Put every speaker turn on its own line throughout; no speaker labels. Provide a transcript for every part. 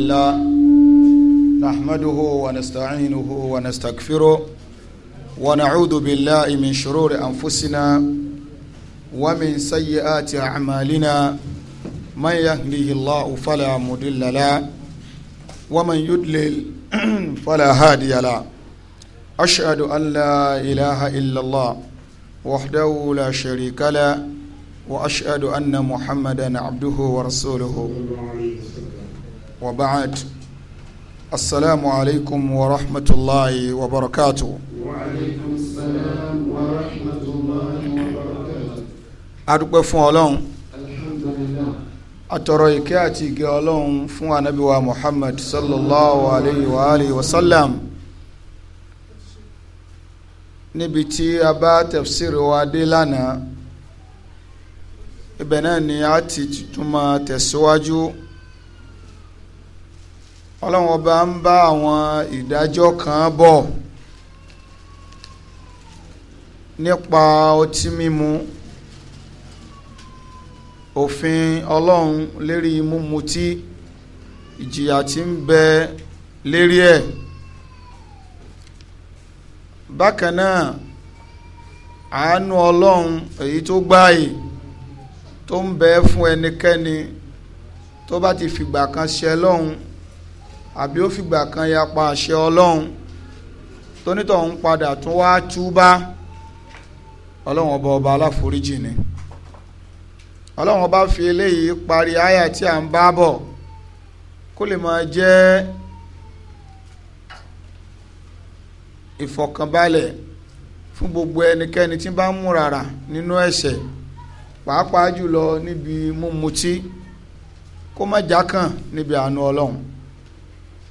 الله نحمده ونستعينه ونستغفره ونعوذ بالله من شرور أنفسنا ومن سيئات أعمالنا من يهديه الله فلا مضل له ومن يضلل فلا هادي له أشهد أن لا إله إلا الله وحده لا شريك له وأشهد أن محمدا عبده ورسوله وبعد السلام عليكم ورحمة الله وبركاته وعليكم السلام ورحمة الله وبركاته adúpẹ́ fún ọlọ́run àtọ̀rọ̀ ìkẹ́ àti ìgẹ́ ọlọ́run fún anábíwa muhammad sallallahu alayhi wa alihi wa sallam níbi tí a bá tafsir wa dé lánàá ibẹ̀ náà ni a ti tún máa tẹ̀síwájú ọlọ́run ọba ń bá àwọn ìdájọ́ kan bọ̀ nípa ọtí mímu òfin ọlọ́run lérí mímu tí ìjìyà tí ń bẹ lérí ẹ̀ bákan náà àánú ọlọ́run èyí tó gbáàyè tó ń bẹ fún ẹnikẹ́ni tó bá ti fìgbà kan ṣe lọ́hùn àbí ó fìgbà kan yapa àṣẹ ọlọ́run tónítọ̀hún padà tún wá túbá ọlọ́run ọba ọba aláforíjì ni ọlọ́run ọba fi eléyìí parí àyà tí à ń bá bọ̀ kó lè máa jẹ́ ìfọ̀kànbalẹ̀ fún gbogbo ẹnikẹ́ni tí bá ń múrara nínú ẹ̀ṣẹ̀ pàápàá jùlọ níbi mímutí kó má jákàn níbi àánú ọlọ́run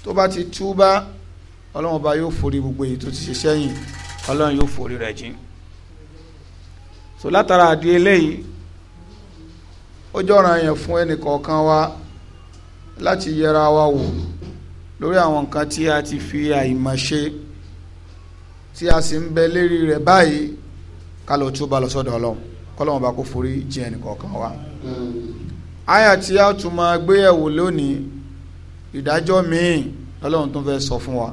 tó bá ti túbá ọlọ́run ọba yóò forí gbogbo èyí tó ti ṣe sẹ́yìn ọlọ́run yóò forí rẹ̀ jìn so látara àdí eléyìí ó jọ̀ràn yẹn fún ẹnìkọ̀ọ̀kan wa láti yẹra wa wò lórí àwọn nǹkan tí a ti fi àìmọ̀ ṣe tí a sì ń bẹ lérí rẹ̀ báyìí ká lọ túbá lọ sọ́dọ̀ ọlọ́run kọ́lọ́run bá kó forí jìn ẹnìkọ̀ọ̀kan wa àyà tí a tún máa gbéyẹ̀wò lónìí ìdájọ́ míì lọ́lọ́run tó fẹ́ sọ fún wa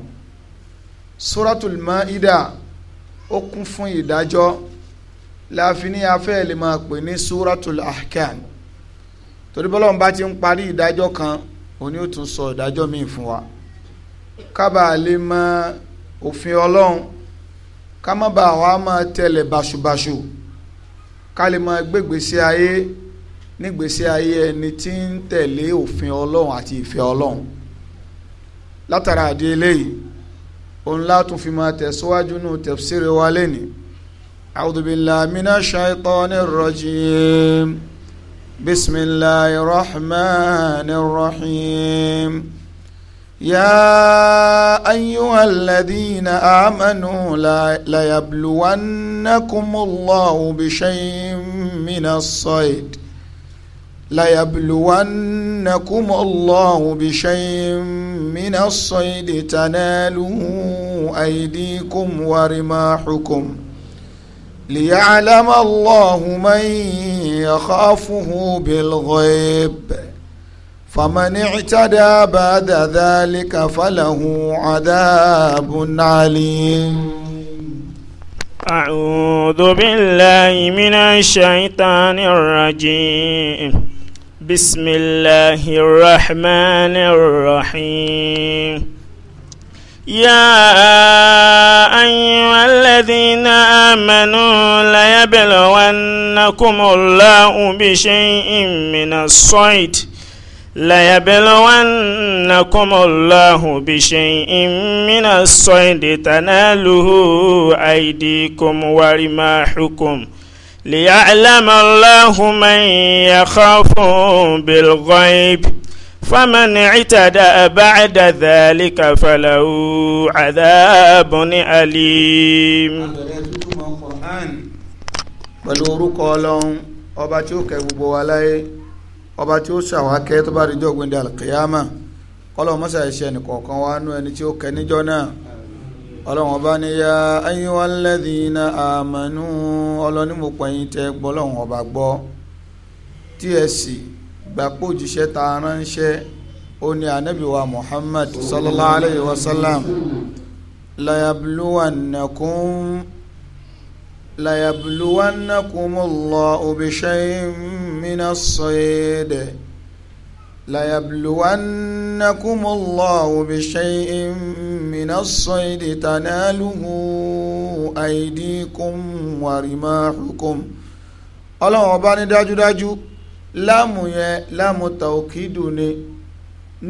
suratul maida ó kún fún ìdájọ́ láàfin ní afẹ́ lè máa pè ní suratul ahkam torí bọ́lọ́run bá ti ń parí ìdájọ́ kan òní ó tún sọ ìdájọ́ míì fún wa kábà lè mọ òfin ọlọ́run ká má bàa wá máa tẹ̀lé báṣubàṣu ká lè máa gbégbèsè ayé nígbésí ayé ẹni tí ń tẹ̀lé òfin ọlọ́run àti ìfẹ́ ọlọ́run látara àdé eléyìí òun látún fi máa tẹ̀síwájú nù tafsiri wa lẹ́ni a'udhu billahi minash shaitanir rajim bismillahir rahmanir rahim. يا أيها الذين آمنوا ليبلونكم الله بشيء من الصيد ليبلونكم الله بشيء من الصيد تناله أيديكم ورماحكم ليعلم الله من يخافه بالغيب فمن اعتدى بعد
ذلك فله عذاب عليم أعوذ بالله من الشيطان الرجيم بسم الله الرحمن الرحيم يا أيها الذين آمنوا ليبلونكم الله بشيء من الصيد ليبلونكم الله بشيء من الصيد تناله أيديكم ورماحكم ۖ ليعلم الله من يخافه بالغيب فمن اعتدى بعد ذلك فله عذاب أليم ọba tí ó
kẹ́ gbogbo wa láyé ọba tí ó ṣàwákẹ́ tó bá rí jọ́gbìn dàlùkìyàmà kọ́lọ́ mọ́sàáṣẹ́ nìkọ̀ọ̀kan wa nú ẹni tí ó kẹ́ níjọ́ náà ọlọ́run ọba ní ya ayyuhal ladhina amanu ọlọ́ni mo pẹ̀yìn tẹ gbọ́ ọlọ́run ọba gbọ́ tí ẹ sì gbàpọ̀ òjíṣẹ́ ta ránṣẹ́ ó ní ànábì wa Muhammad sallallahu alayhi wa sallam layabluwannakum layabluwannakum Allahu bishay'in minas sayd layabluwannakum Allahu bishay'in. من الصيد تناله أيديكم ورماحكم ọlọ́run ọba ní dájúdájú láàmù yẹn láàmù tàókìdù ni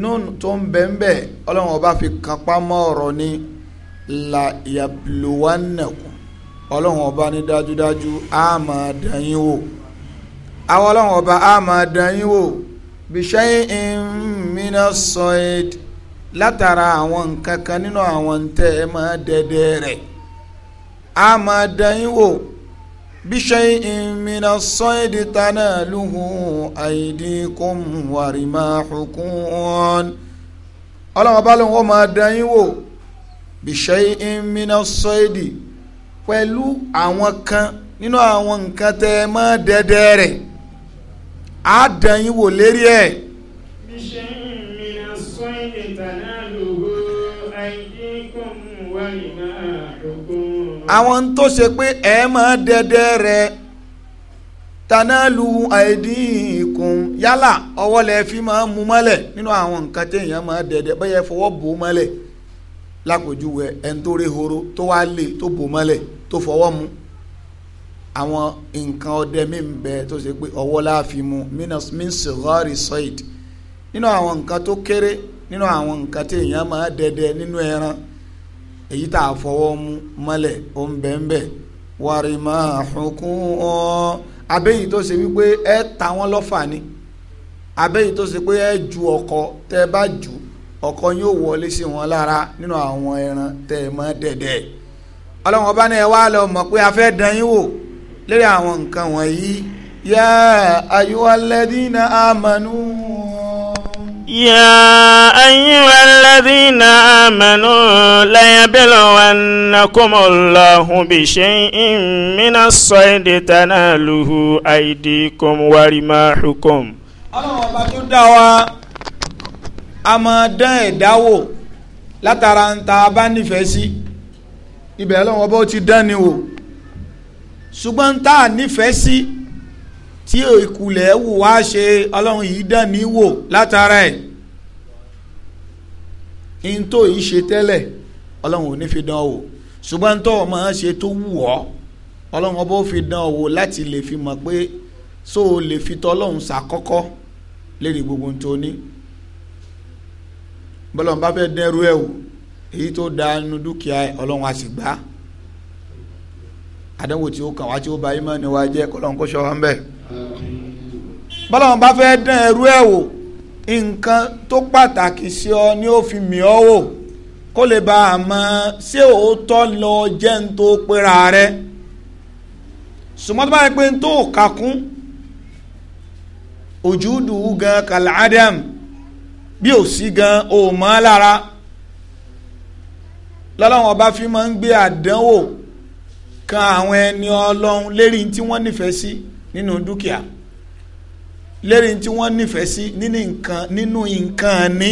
nun tó ń bẹ́ńbẹ́ ọlọ́run ọba fi kápá mọ́ ọ̀rọ̀ ni la yabluwannakum ọlọ́run ọba ní dájúdájú á máa dán yín wò àwọn ọlọ́run látara àwọn nǹkan kan nínú àwọn ntẹ́ ẹ máa dẹ́dẹ́ rẹ̀ a máa dẹ́yìn wò bishay'in mina saydi tanaluhu aydikum wa rimahukum ọlọ́wọ́n bá lóun ó máa dẹ́yìn wò bishay'in mina saydi pẹ̀lú àwọn kan nínú àwọn nǹkan tẹ́ ẹ máa dẹ́dẹ́ rẹ̀ a dẹ́yìn wò lérí ẹ̀. E àwọn tó ṣe pé ẹ máa dẹdẹ rẹ tanalu aidikum yálà ọwọ́ lẹ fi máa mú mọ́lẹ̀ nínú àwọn nǹkan téèyàn máa dẹdẹ bẹ́ẹ̀ fọwọ́ bò mọ́lẹ̀ lápèjúwe ẹni tó rí horo tó wá lè tó bò mọ́lẹ̀ tó fọwọ́ mu àwọn nǹkan ọdẹ mi ń bẹ tó ṣe pé ọwọ́ la fi mu minsigari soid nínú àwọn nǹkan tó kéré nínú àwọn nǹkan téèyàn máa dẹdẹ nínú ẹran èyí tá a fọwọ́ mú mọ́lẹ̀ ó ń bẹ́ẹ̀ bẹ́ẹ̀ wàrí máa hunkún ọ abẹ́yìn tó ṣe wípé ẹ ta wọ́n lọ́fà ni abẹ́yìn tó ṣe pé ẹ ju ọkọ tẹ́ ẹ bá jù ọkọ yóò wọlé sí wọn lára nínú àwọn ẹran tẹ́ ẹ mọ́ dẹ̀dẹ̀ ọlọ́wọ́n bá ní ẹ wá lọ mọ̀ pé a fẹ́ dán yín wò lórí àwọn nǹkan wọ̀nyí yá ayuhalladina amanu.
يا أيها الذين آمنوا ليبلونكم الله بشيء من الصيد تناله أيديكم ورماحكم ọlọ́run ọba tó dá wa a máa dán
ẹ̀dá wò látara ń ọba ti dán ni wò ṣùgbọ́n tá a Si tí ìkulẹ̀ wù wá ṣe ọlọ́run yìí dán ní wò látara ẹ̀ n tó yìí ṣe tẹ́lẹ̀ ọlọ́run ò ní fi dán wò ṣùgbọ́n tó o máa ṣe tó wù ọ́ ọlọ́run ọba fi dán wò láti lè fi mọ̀ pé so o lè fi tọ́ ọlọ́run ṣàkọ́kọ́ lérí gbogbo ohun tó ní bọ́lọ́run bá fẹ́ dẹ́rú ẹ̀ wò èyí tó da inú dúkìá ọlọ́run á sì gbà àdánwò tí ó kàn wá tí ó bà ìmánì wa jẹ́ kọ́lọ́run kó ṣọ́ wa ń bẹ́ẹ̀ bọ́lá wọn bá fẹ́ dán ẹrú ẹ̀ wò nǹkan tó pàtàkì sí ọ ni ó fi mì ọ́ wò kó lè bá a mọ̀ ṣé òótọ́ lọ jẹ́ ń tó pera rẹ sùmọ́tò báyìí pé ń tó kàkún ojú dùú gan kàládàm bí ò sí gan ò mọ́ lára lọ́lọ́wọ́n ọba fi máa ń gbé àdánwò kan àwọn ẹni ọlọ́run lérí tí wọ́n nífẹ̀ẹ́ sí. Si nínú dúkìá lérí tí wọ́n nífẹ̀ẹ́ sí nínú nǹkan nínú nǹkan ní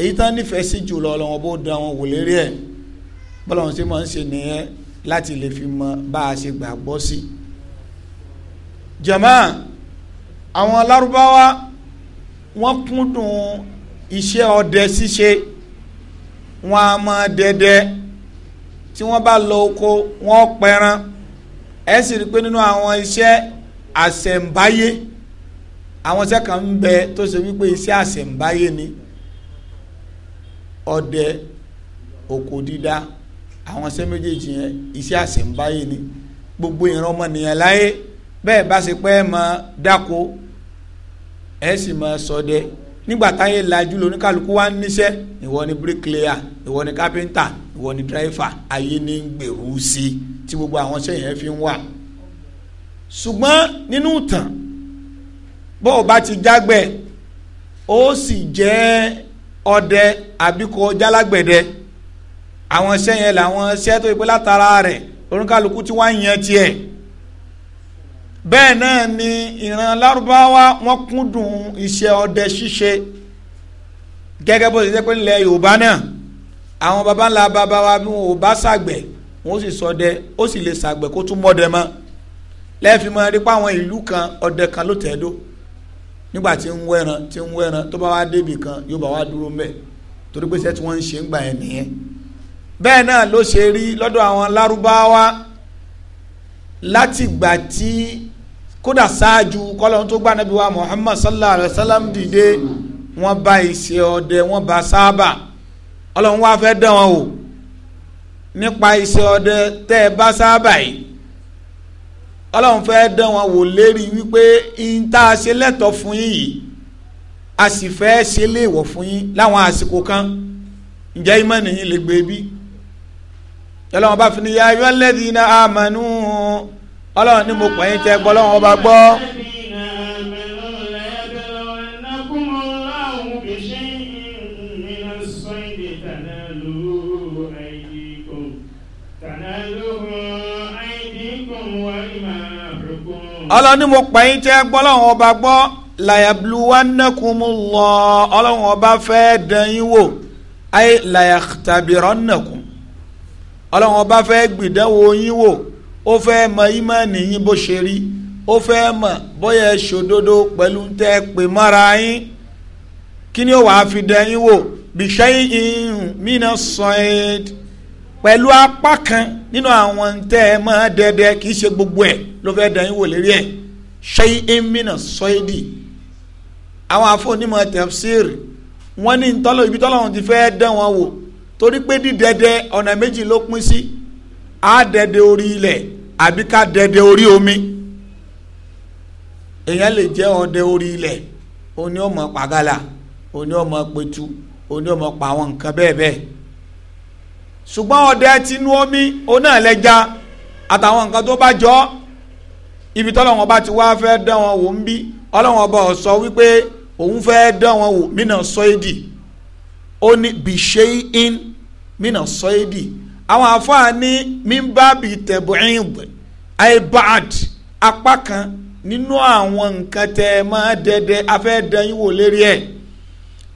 èyí tá nífẹ̀ẹ́ sí jùlọ ọlọ́wọ́n bó da wọn wò lérí ẹ̀ bọ́lá wọn ṣe máa ń ṣe nìyẹn láti lè fi mọ bá a ṣe gbàgbọ́ sí. jàmá àwọn lárúbáwá wọ́n kúndùn iṣẹ́ ọdẹ ṣíṣe wọn a máa dẹdẹ tí wọ́n bá lọ oko wọ́n pẹran ẹ̀ sì rí i pé nínú àwọn iṣẹ́ àṣẹ̀ǹbáyé àwọn iṣẹ́ kan ń bẹ tó ṣe wípé iṣẹ́ àṣẹ̀ǹbáyé ni ọdẹ oko dídá àwọn iṣẹ́ méjèèjì yẹn iṣẹ́ àṣẹ̀ǹbáyé ni gbogbo ìran ọmọnìyàn láyé bẹ́ẹ̀ bá ṣe pé ẹ máa dáko ẹ sì máa ṣọdẹ nígbà táyé lajú lóníkàlùkù wá níṣẹ́ ìwọ ni bricklayer ìwọ ni carpenter ìwọ ni driver ayé ní gbèrú sí i tí gbogbo àwọn iṣẹ́ yẹn fi ń wà ṣùgbọ́n nínú ìtàn bó o bá ti jágbẹ̀ ó sì jẹ́ ọdẹ àbí kó jálágbẹ̀dẹ àwọn iṣẹ́ yẹn làwọn iṣẹ́ tó yẹ pé látara rẹ̀ oníkàlùkù tí wọ́n á yan tiẹ̀ bẹ́ẹ̀ náà ni ìran lárúbáwá wọ́n kúndùn iṣẹ́ ọdẹ ṣíṣe gẹ́gẹ́ bó ṣe jẹ́ pé ńlẹ̀ yorùbá náà àwọn baba ńlá baba wa bí wọn ò bá ṣàgbẹ̀ wọn ó sì ṣọdẹ ó sì lè ṣàgbẹ̀ kó tún mọ́dẹ mọ́ lẹ́ẹ̀fì máa rí páwọn ìlú kan ọdẹ kan ló tẹ̀ dó nígbà tí ń wẹ́ran tí ń wẹ́ran tó bá wá débì kan yóò bá wá dúró mbẹ́ torí pé iṣẹ́ tí wọ́n ń ṣe ń gbà yẹn nìyẹn bẹ́ẹ̀ náà ló ṣe rí lọ́dọ̀ àwọn lárúbáwá látìgbà tí kódà ṣáájú kọ́lọ́n tó gbà nábì wa Muhammad sallallahu alayhi wa sallam dìde wọ́n bá ìṣe ọdẹ wọ́n bá sábà ọlọ́run wá fẹ́ dán wọn wò nípa ìṣe ọdẹ tẹ́ ẹ bá sábà yìí ọlọ́run fẹ́ dán wọn wò lérí wípé n tá a ṣe lẹ́tọ̀ọ́ fún yín yìí a sì fẹ́ ṣe léèwọ̀ fún yín láwọn àsìkò kan ǹjẹ́ ìmọ̀ nìyí lè gbé bí ọlọ́run bá fi ní ya ayọ́ lẹ́dí iná àmánú ọlọ́run ní mo pẹ̀yìn tẹ́ gbọ́ ọlọ́run ọba gbọ́. ọlọ́ni mo pa yín tẹ́ gbọ́ lọ́wọ́ ọba gbọ́ làyàbluwánàkùnmùlọ́ ọlọ́wọ́ ọba fẹ́ dán yín wò ayé làyàtàbírọ́nàkùn ọlọ́wọ́ ọba fẹ́ gbìdánwò yín wò ó fẹ́ mọ ìmọ̀ọ́nì yín bó ṣe rí ó fẹ́ mọ̀ bóyá ṣòdodo pẹ̀lú tẹ́ pè mọ́ra yín kí ni ó wàá fi dán yín wò bìṣẹ́yìn mí náà sọ ẹ́ pẹ̀lú apá kan nínú àwọn tẹ́ ẹ máa dẹ́dẹ́ kì í ṣe gbogbo ẹ̀ ló fẹ́ dẹ́yìn wò lérí ẹ̀ ṣẹ́yìn mìnà sọ́ẹ́dì àwọn afọ́nímọ̀ tẹ̀síìrì wọ́n ní ntọ́lọ́ ibi tọ́lọ́run ti fẹ́ dán wọn wò torí pé dídẹ́dẹ́ ọ̀nà méjì ló pín sí á dẹ́dẹ́ orí ilẹ̀ àbí ká dẹ́dẹ́ orí omi èèyàn lè jẹ́ ọdẹ orí ilẹ̀ oní ọmọ pàgálà oní ọmọ pẹ̀tù oní ọmọ pa nǹkan bẹ́ẹ̀ bẹ́ẹ̀ ṣùgbọ́n ọdẹ tinú omi òun náà lẹ́ja àtàwọn nǹkan tó bá jọ ibi tọ́lọ́wọ́n bá ti wá fẹ́ dán wọn wò ń bí ọlọ́wọ́n bá ọ sọ wípé òun fẹ́ dán wọn wò mí náà ó ní bìṣe in mí náà sọ èdì àwọn àfáà ní mímbàbí tẹ̀bùrìn ibad apá kan nínú àwọn nǹkan tẹ ẹ máa dẹdẹ afẹ́ dán yín wò lérí ẹ̀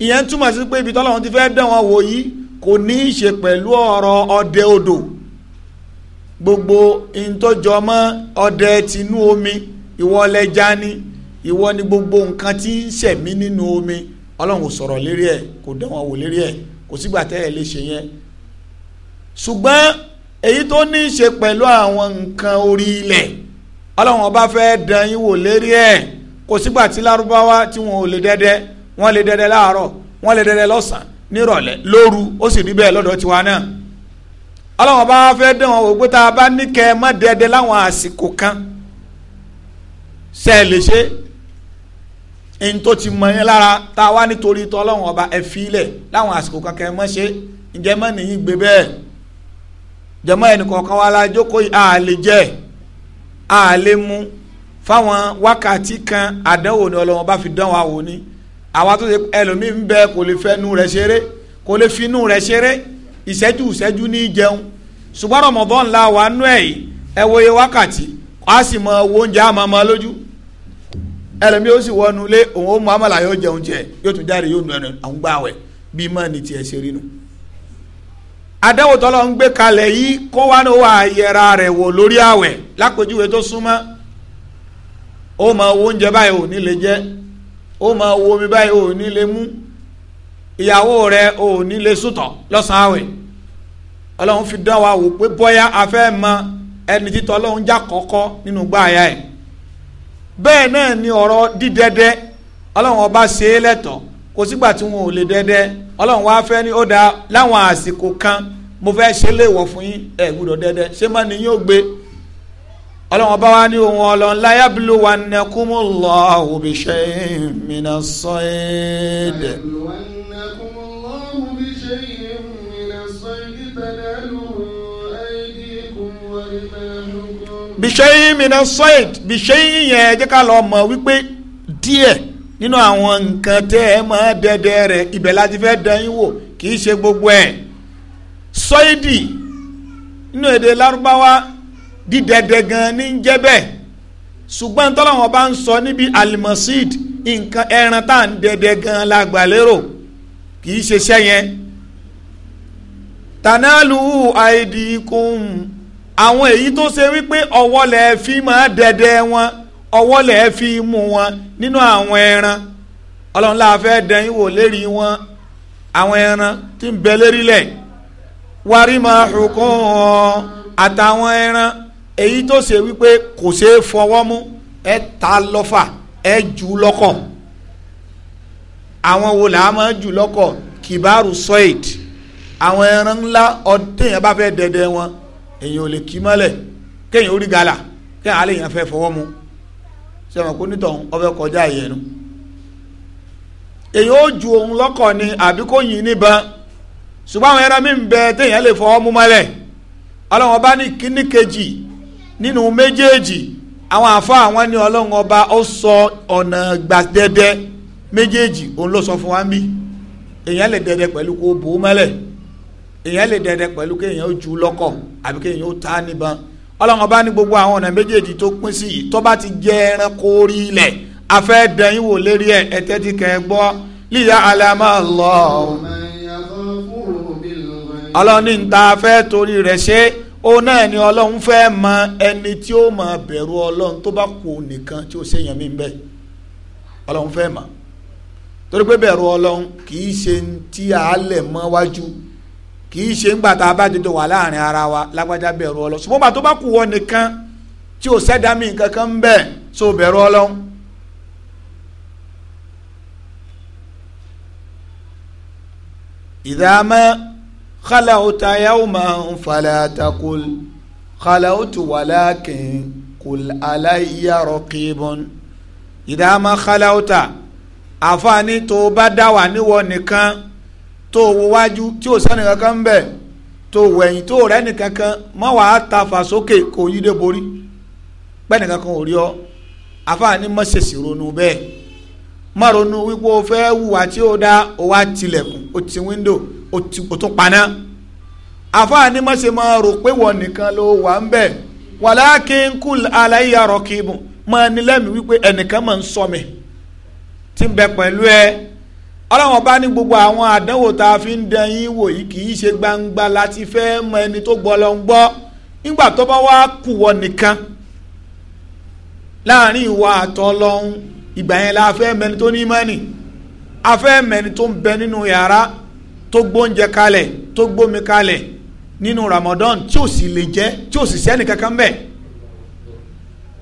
ìyẹn túmọ̀ sí pé ibi tọ́lọ́wọ́n ti fẹ́ dán wọn wò yìí kò ní í ṣe pẹ̀lú ọ̀rọ̀ ọdẹ odò gbogbo ìtọ́jọmọ́ ọdẹ tinú omi ìwọ lẹja ni ìwọ ni gbogbo nǹkan tí ń ṣẹ̀mí nínú omi ọlọ́run kò sọ̀rọ̀ lérí ẹ̀ kò dẹ̀wọ̀n wò lérí ẹ̀ kò sígbà tẹ́ ẹ̀ lè ṣe yẹn ṣùgbọ́n èyí tó ní í ṣe pẹ̀lú àwọn nǹkan orí ilẹ̀ ọlọ́run ọba fẹ́ dán yín wò lérí ẹ̀ kò sígbà tí lárúbáwá tí wọn ò lè dẹ́dẹ́ wọn lè dẹ́dẹ́ láàárọ̀ wọn lè dẹ́dẹ́ lọ́sàn-án nírọ̀lẹ́ lóru ó sì rí bẹ́ẹ̀ lọ́dọ̀ tiwa náà ọlọ́wọ́n bá fẹ́ dán wọn wò pé tá a bá ní kẹ́ ẹ má dẹ́dẹ́ láwọn àsìkò kan ṣe é lè ṣe ẹni tó ti mọ yín lára tá a wá nítorí tọ́ ọlọ́wọ́n ọba ẹ fílẹ̀ láwọn àsìkò kan kẹ́ ẹ mọ́ ṣe ǹjẹ́ mọ́ nìyí gbé bẹ́ẹ̀ jẹmọ ẹnìkọ̀ọ̀kan wa la jókòó a lè jẹ a lè mu fáwọn wákàtí kan àdánwò ni Ọlọ́run bá fi dán wa wò ni àwa tó ṣe ẹlòmíì ń bẹ kò lè fẹnu rẹ̀ ṣeré kò lè ṣeré ìṣẹ́jú ìṣẹ́jú ní jẹun ṣùgbọ́n la wa nú ẹ̀ yìí ẹ wo iye wákàtí a sì mọ owó oúnjẹ àmọ́ ọmọ lójú ẹlòmíì ó sì wọnú lé òun ó mú àmàlà yóò jẹun jẹ yóò tún jáde yóò nu ẹnu àwọn gbà wẹ̀ bí mọ́ ni tiẹ̀ ṣe rí nu. adáwò ó ma wo omi báyìí ò ní lè mú ìyàwó rẹ ò ní lè sútọ̀ lọ́sàn-án àwẹ̀ ọlọ́run fi dán wa wò pé bóyá a fẹ́ mọ ẹni títọ́ ọlọ́run já kọ́kọ́ nínú gbáàyà ẹ̀ bẹ́ẹ̀ náà ni ọ̀rọ̀ dídẹ́dẹ́ ọlọ́run ọba ṣe é lẹ́tọ̀ọ́ kò sígbà tí wọn ò lè dẹ́dẹ́ ọlọ́run wá fẹ́ ní ó dáa láwọn àsìkò kan mo fẹ́ ṣe léèwọ̀ fún yín ẹ̀ gbúdọ̀ dẹ́dẹ́ ṣé má ni yín ó gbé ọlọ́run ọba wa ní ohun ọlọ́run la yabluwannakumullahu bishay'in minas sayd. bishay'in minas sayd bishay'in yẹn jẹ́ ká lọ mọ̀ wípé díẹ̀ nínú àwọn nǹkan tẹ́ ẹ máa dẹ́dẹ́ rẹ̀ ibẹ̀ láti fẹ́ dán wò kì í ṣe gbogbo ẹ̀ sọ́ìdì nínú èdè lárúbáwá dídẹ̀dẹ̀ gan ní ń jẹ́ bẹ́ẹ̀ ṣùgbọ́n tọ́lọ́wọ́n bá ń sọ níbi almasid nǹkan ẹran tá à ń dẹ̀dẹ̀ gan lágbàlérò kì í ṣeṣẹ́ yẹn tanalu aidikum àwọn èyí tó ṣe wípé ọwọ́ lẹ̀ fi máa dẹ̀dẹ̀ wọn ọwọ́ lẹ̀ fi mú wọn nínú àwọn ẹran ọlọ́run láàfẹ́ dẹ̀yìn wò lérí wọn àwọn ẹran tí ń bẹ lérí lẹ̀ wárí máa hùkún wọn àtàwọn ẹran èyí tó ṣe wípé kò fọwọ́ mú ẹ ta lọ́fà ẹ jù lọ́kọ̀ àwọn wo làá máa jù lọ́kọ̀ kìbáàrù sọ́ìd àwọn ẹran ńlá ọ̀tẹ̀yìn bá fẹ́ dẹdẹ wọn èyàn ò lè kí mọ́lẹ̀ kéèyàn ó gàlà kéèyàn á lè fẹ́ fọwọ́ kó ọbẹ̀ kọjá èyàn ó ju òun lọ́kọ̀ ni àbí kó yìn níbọn ṣùgbọ́n àwọn ẹran mi ń bẹ téèyàn lè nínú méjèèjì àwọn àfa àwọn ní ọlọ́run ọba ó sọ ọ̀nà gbàdẹ́dẹ́ méjèèjì òun ló sọ fún wa ń bí èèyàn lè dẹdẹ pẹ̀lú kó bò ó mẹ́lẹ̀ èèyàn lè dẹdẹ pẹ̀lú kéèyàn ó ju lọ́kọ̀ àbí kéèyàn ó ta níbọn ọlọ́run ọba ní gbogbo àwọn ọ̀nà méjèèjì tó pín sí yìí tó bá ti jẹ ẹranko orí ilẹ̀ afẹ́ dẹ̀yìn wò lérí ẹ̀ ẹ̀tẹ́ ti kẹ́ ẹ gbọ́ líyà alámà lọ. ọlọ́run ní ó náà ni ọlọ́run fẹ́ mọ ẹni tí ó máa bẹ̀rù ọlọ́run tó bá kú nìkan tí ó ṣèyàn mí bẹ́ẹ̀ ọlọ́run fẹ́ mọ torí pé bẹ̀rù ọlọ́run kì í ṣe tí a mọ́ wájú kì í ṣe ńgbà tá a bá dodo wà láàrin ara wa lágbájá mi kankan ń so bẹ̀rù ọlọ́run. خلوت يوما فلا تقل خلوت ولكن قل علي رقيب إذا ما خلوت àfààní tó o bá dá wà níwọ nìkan tó o wájú tí o sẹ́ni kankan bẹ̀ tó o wẹ̀yìn tó o rẹ́ nìkan kan mọ́ wàá ta fà sókè kò yí dé borí pẹ́ẹ́nì kankan ò rí ọ àfààní mọ́ ṣèṣì ronú bẹ́ẹ̀ mọ́ ronú wípé o fẹ́ wùwà tí o dá o wá tilẹ̀kùn o ti wíńdò o tún paná àfáà ni má ṣe máa rò pé wọ́n nìkan ló wà ń bẹ̀ wàlákin kul aláìyá rọ̀kìmù máa ní lẹ́mìí wípé ẹnìkan máa ń sọ mi tí ń bẹ pẹ̀lú ẹ ọlọ́wọ́n bá ní gbogbo àwọn àdánwò tá a fi ń dán yín wò yìí kì í ṣe gbangba láti fẹ́ mọ ẹni tó gbọ́ lọ ń gbọ́ nígbà tó bá wá kù wọ nìkan láàrin ìwà àtọlọ́hún ìgbà yẹn la fẹ́ mẹni tó ní mọ́nì a fẹ́ mẹni tó ń bẹ nínú yàrá tó gbóúnjẹ kalẹ̀ tó gbómi kalẹ̀ nínú Ramadan tí ò sì lè jẹ tí ò sì sẹ́ni kankan bẹ́ẹ̀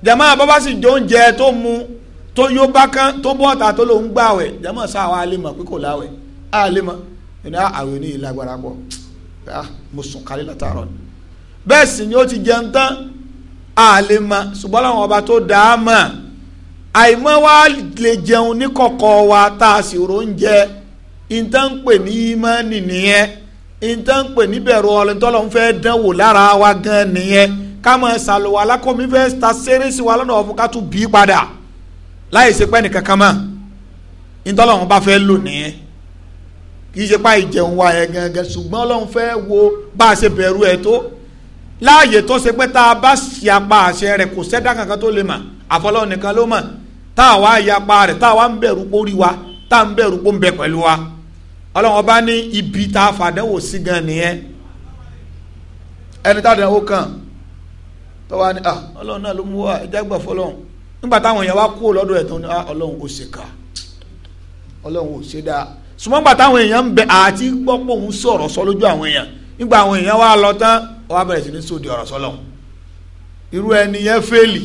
jama bàbá sì jọ oúnjẹ tó mu tó yó bákan tó bọ́ta tó lòún gbàwẹ̀ jama sá àwọn alẹ́mọ̀ pé kò láwẹ̀ alẹ́mọ̀ ẹni ah, àwẹ̀ ní ìlágbára pọ̀ ah, mo sùn kálí látàárọ̀ ni bẹ́ẹ̀ sì ni ó ti jẹun tán àlèmọ̀ ṣùgbọ́n làwọn ọba tó dá a mọ̀ àìmọ́ wa lè jẹun ní kọ̀kọ̀ wa tá a sì rò ń ìtànpè ní ìmánì nìyẹn ìtànpè níbẹ̀rù ọlọ́ntọ́lọ́ ń fẹ́ dánwò lára wa gan nìyẹn ká ṣàlùwà alákòmí fẹ́ ta sẹ́rẹ́ sí wa lọ́nà ọ̀fun ká tún bí padà láì ṣe pẹ́ nìkan mọ́ ìtọ́lọ́ wọn bá fẹ́ lò nìyẹn kì í ṣe pa ìjẹun wa yẹn gangan ṣùgbọ́n ọlọ́run fẹ́ wo bá a ṣe bẹ̀rù ẹ̀ tó láàyè tó ṣe pé tá a bá apá àṣẹ kò kankan a wá yapa rẹ̀ tá a wá ń wa tá a ń bẹ̀rù pó ń bẹ pẹ̀lú wa. ọlọ́run ọba ní ibi tá a fàdánwò sí gan nìyẹn ẹni tá a dánwò kàn tó wá ní ọlọ́run náà ló mú wa ẹja gbà fọlọ́run nígbà táwọn èèyàn wá kú lọ́dọ̀ ẹ̀ tó ní ọlọ́run ò ṣe kà ọlọ́run ò ṣe dáa ṣùgbọ́n nígbà táwọn èèyàn ń bẹ àti gbọ́pọ̀ òun sọ̀rọ̀ sọ lójú àwọn èèyàn nígbà àwọn èèyàn wá lọ tán wọ́n á bẹ̀rẹ̀ sí ní sòdì ọ̀rọ̀ sọlọ́run irú ẹni yẹn fẹ́ẹ̀lì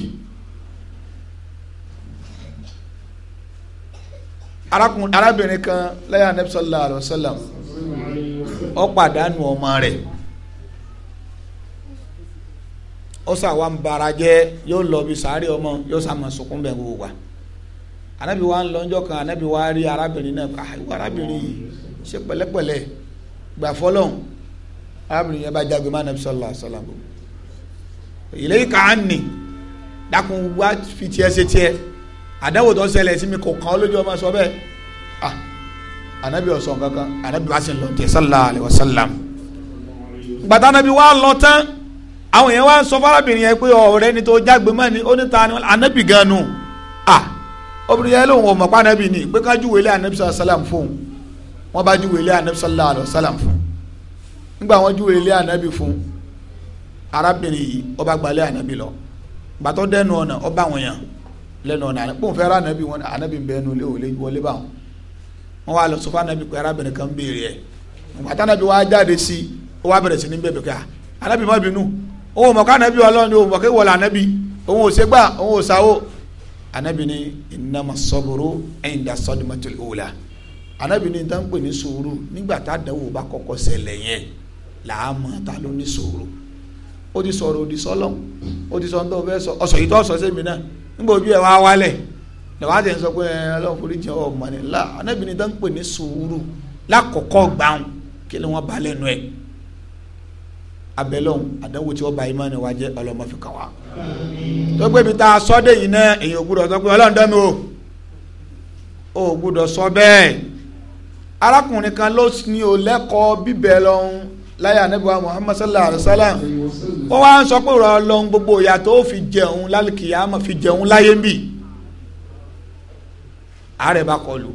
arábìnrin kan lẹ́yìn anabi sallallahu alayhi wa sallam ó pàdánù ọmọ rẹ̀ ó sàwa ń bara jẹ́ yóò lọ bí sáré ọmọ yóò sàmọ̀ sunkún bẹ́ẹ̀ wò wá anabi wa ń lọ ọjọ́ kan anabi wa rí arábìnrin náà àìwọ ah, arábìnrin yìí ṣe pẹ̀lẹ́pẹ̀lẹ́ gbà fọlọ́n arábìnrin yẹn bá jágbe má anabi sallallahu alayhi wa sallam nì dákun wá fi tiẹ́ ṣe tiẹ́ àdáwò tó ṣẹlẹ̀ sí mi kò kàn ọ́ lójú ọmọ sọ bẹ́ẹ̀ ah anabi ọ̀sọ̀ kankan anabi wa sì lọ tẹ sallallahu alayhi wa sallam gbàtà anabi wa lọ tán àwọn yẹn wá ń sọ fárabìnrin yẹn pé ọ̀rẹ́ ni tó jágbe mọ́ ni ó ní ta ni anabi gan nu ah obìnrin yẹn lòun ò mọ̀ pé anabi ni pé ká júwèé lé anabi sallallahu alayhi sallam fún wọn bá júwèé lé anabi sallallahu alayhi wa sallam fún nígbà wọn júwèé lé anabi fún arábìnrin yìí ó bá gbalẹ̀ anabi lọ gbàtọ́ dẹnu ọ̀nà ó àwọn yẹn lẹ́nu ọ̀nà àná pòun fẹ́ ra ànábì wọn ànábì ń bẹ ẹnu ilé òwòlé wọlé bá wọn wọn wá lọ sọ fún ànábì pé arábìnrin kan béèrè ẹ àtànábì wá jáde sí ó wá bẹ̀rẹ̀ sí ní bẹ̀bẹ̀ ká ànábì má bínú òun ò mọ̀ ká ànábì ọlọ́run ni òun mọ̀ kí wọ́n la ànábì òun ò ṣe gbà òun ò sáwó ànábì ni innama sabru inda sadmatil ula ànábì ni tá ń pè ní sùúrù nígbà tá àdánwò bá kọ́kọ́ ṣẹlẹ̀ yẹn làá mọ̀ ta ló ní sùúrù ó ti nígbà ojú ẹ̀ wá wálẹ̀ lọ́wọ́ àti ẹ̀ pé ọlọ́run forí jẹ́ ọmọ ni là anábìnrin tó ń pè ní sùúrù lákọ̀ọ́kọ́ gbàùn kí ni wọ́n bá lẹ́nu ẹ̀ abẹ́lọ́hún àdánwò tí wọ́n bá máa ní ọlọ́mọ fi o ò gbúdọ̀ sọ bẹ́ẹ̀ arákùnrin kan ló ní o láyé anábíwá muhammad sallallahu alayhi wa sallam wọ́n wá ń sọ pé ọ̀rọ̀ ọlọ́run gbogbo ìyà tó fi jẹun lálùkìyàmọ̀ fi jẹun láyé ń bì àárẹ̀ bá kọlù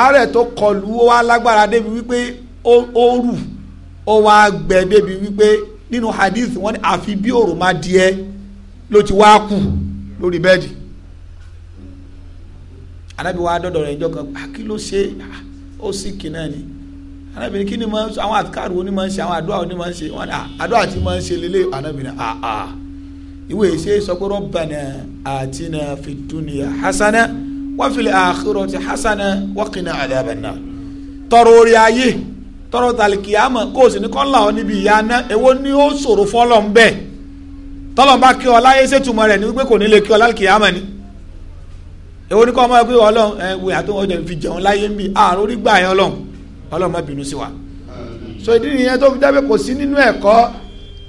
àárẹ̀ tó kọlù ó wá lágbára débi wípé ó rù ó wá gbẹ débi wípé nínú hadith wọ́n ní àfi bí òrò máa di ẹ ló ti wá kù lórí bẹ́ẹ̀dì anábíwá dọ́dọ̀ rẹ̀ ìjọ kan kí ló ṣe ó sì kì náà ni arábìnrin kí ni mo àwọn àtikárù wo ni mo ń ṣe àwọn àdúrà wo ni mo ń ṣe wọn àdúrà tí mo ń ṣe lélẹ̀ arábìnrin àà ìwé ìṣe sọgbọ́rọ̀ bànà àtinà fìdúnìyà hasana wọ́n fìlẹ̀ àkérò ti hasana wọ́n kìnnà àdàbànà tọrọ orí ayé tọrọ tàlìkì àmọ́ kó o sì ní kọ́ ńlá ọ níbi ìyá ná èwo ni ó ṣòro fọ́lọ́ ń bẹ́ẹ̀ tọ́lọ́ bá kí ọ láyé ṣètùmọ̀ rẹ̀ ní wípé kò ní lè kí ọ lálùkì àmọ́ ni èwo ni kọ́ ọmọ ẹgbẹ́ ọlọ́run ẹ̀ wíyà tó ọjọ́ fi jẹun láyé ń bì àròrí gbà yẹn ọlọ́run ọlọ́run má bínú sí wa so ìdí nìyẹn tó fi dábẹ́ kò sí nínú ẹ̀kọ́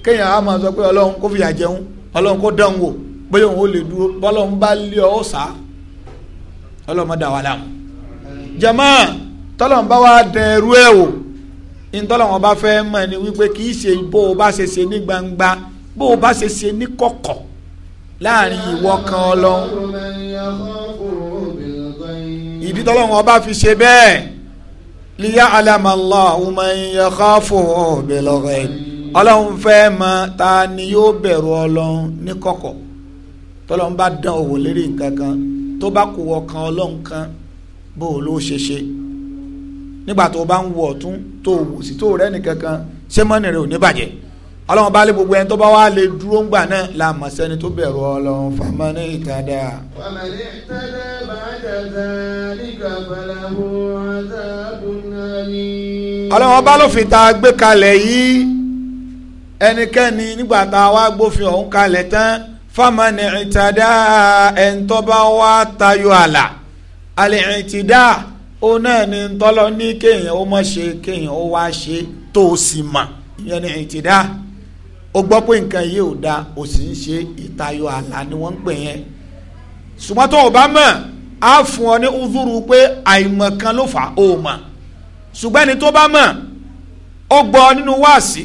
kéèyàn á máa sọ pé ọlọ́run kó fìyà jẹun ọlọ́run kó dán wò bóyá òun ò lè dúró bọ́lọ́run bá lé ọ sá ọlọ́run má dà wà láàmú jama tọ́lọ́run bá wà dẹ̀rú ẹ̀ wò ntọ́lọ́wọ́n bá fẹ́ mọ̀ ni wípé kì í ṣe bó o bá ṣe ṣe ní gbangba bó o bá ṣe ṣe ní kọ̀kọ̀ láàrin ìwọ kan ọlọ́run ìdí tọ́lọ́wọ́n bá fi ṣe bẹ́ẹ̀ ليعلم الله man يخافه bil-ghayb ọlọ́run fẹ́ mọ ta ni yóò bẹ̀rù ọlọ́run ní kọ̀kọ̀ tọ́lọ́run bá dán òwò lérí nǹkan kan tó bá kú ọkàn ọlọ́run kan bó o ló ṣe ṣe nígbà tó o bá ń wọ̀ ọ̀tún tó o wò tó o rẹ́ nìkan kan ṣé mọ́nì rẹ ò ní bàjẹ́ ọlọ́run bá lé gbogbo ẹni tó bá wà lè dúró ńgbà náà la mọ̀ sẹ́ni tó bẹ̀rù ọlọ́run fama ní ìtàdá. fama ní
ìtàdá bàtà zálíkà falahu azabun
alim. ọlọ́run bá lófin tá gbé kalẹ̀ yìí ẹnikẹ́ni nígbà tá a wá gbófin ọ̀hún kalẹ̀ tán fama ní ìtàdá ẹni tó bá wà tayọ àlà àlè ìtìdá ó náà ní tọ́lọ́ ní kéèyàn ó mọ̀ ṣe kéèyàn ó wá ṣe tó o sì mọ̀ ìyẹn ní ìtìdá ó gbọ́ pé nǹkan yìí ò da ó sì ń ṣe ìtayọ àlà ni wọ́n ń pè yẹn ṣùgbọ́n tó o bá mọ̀ á fún ọ ní uzuru pé àìmọ̀ kan ló fà á ò mọ̀ ṣùgbọ́n ẹni tó bá mọ̀ ó gbọ́ nínú wáàsí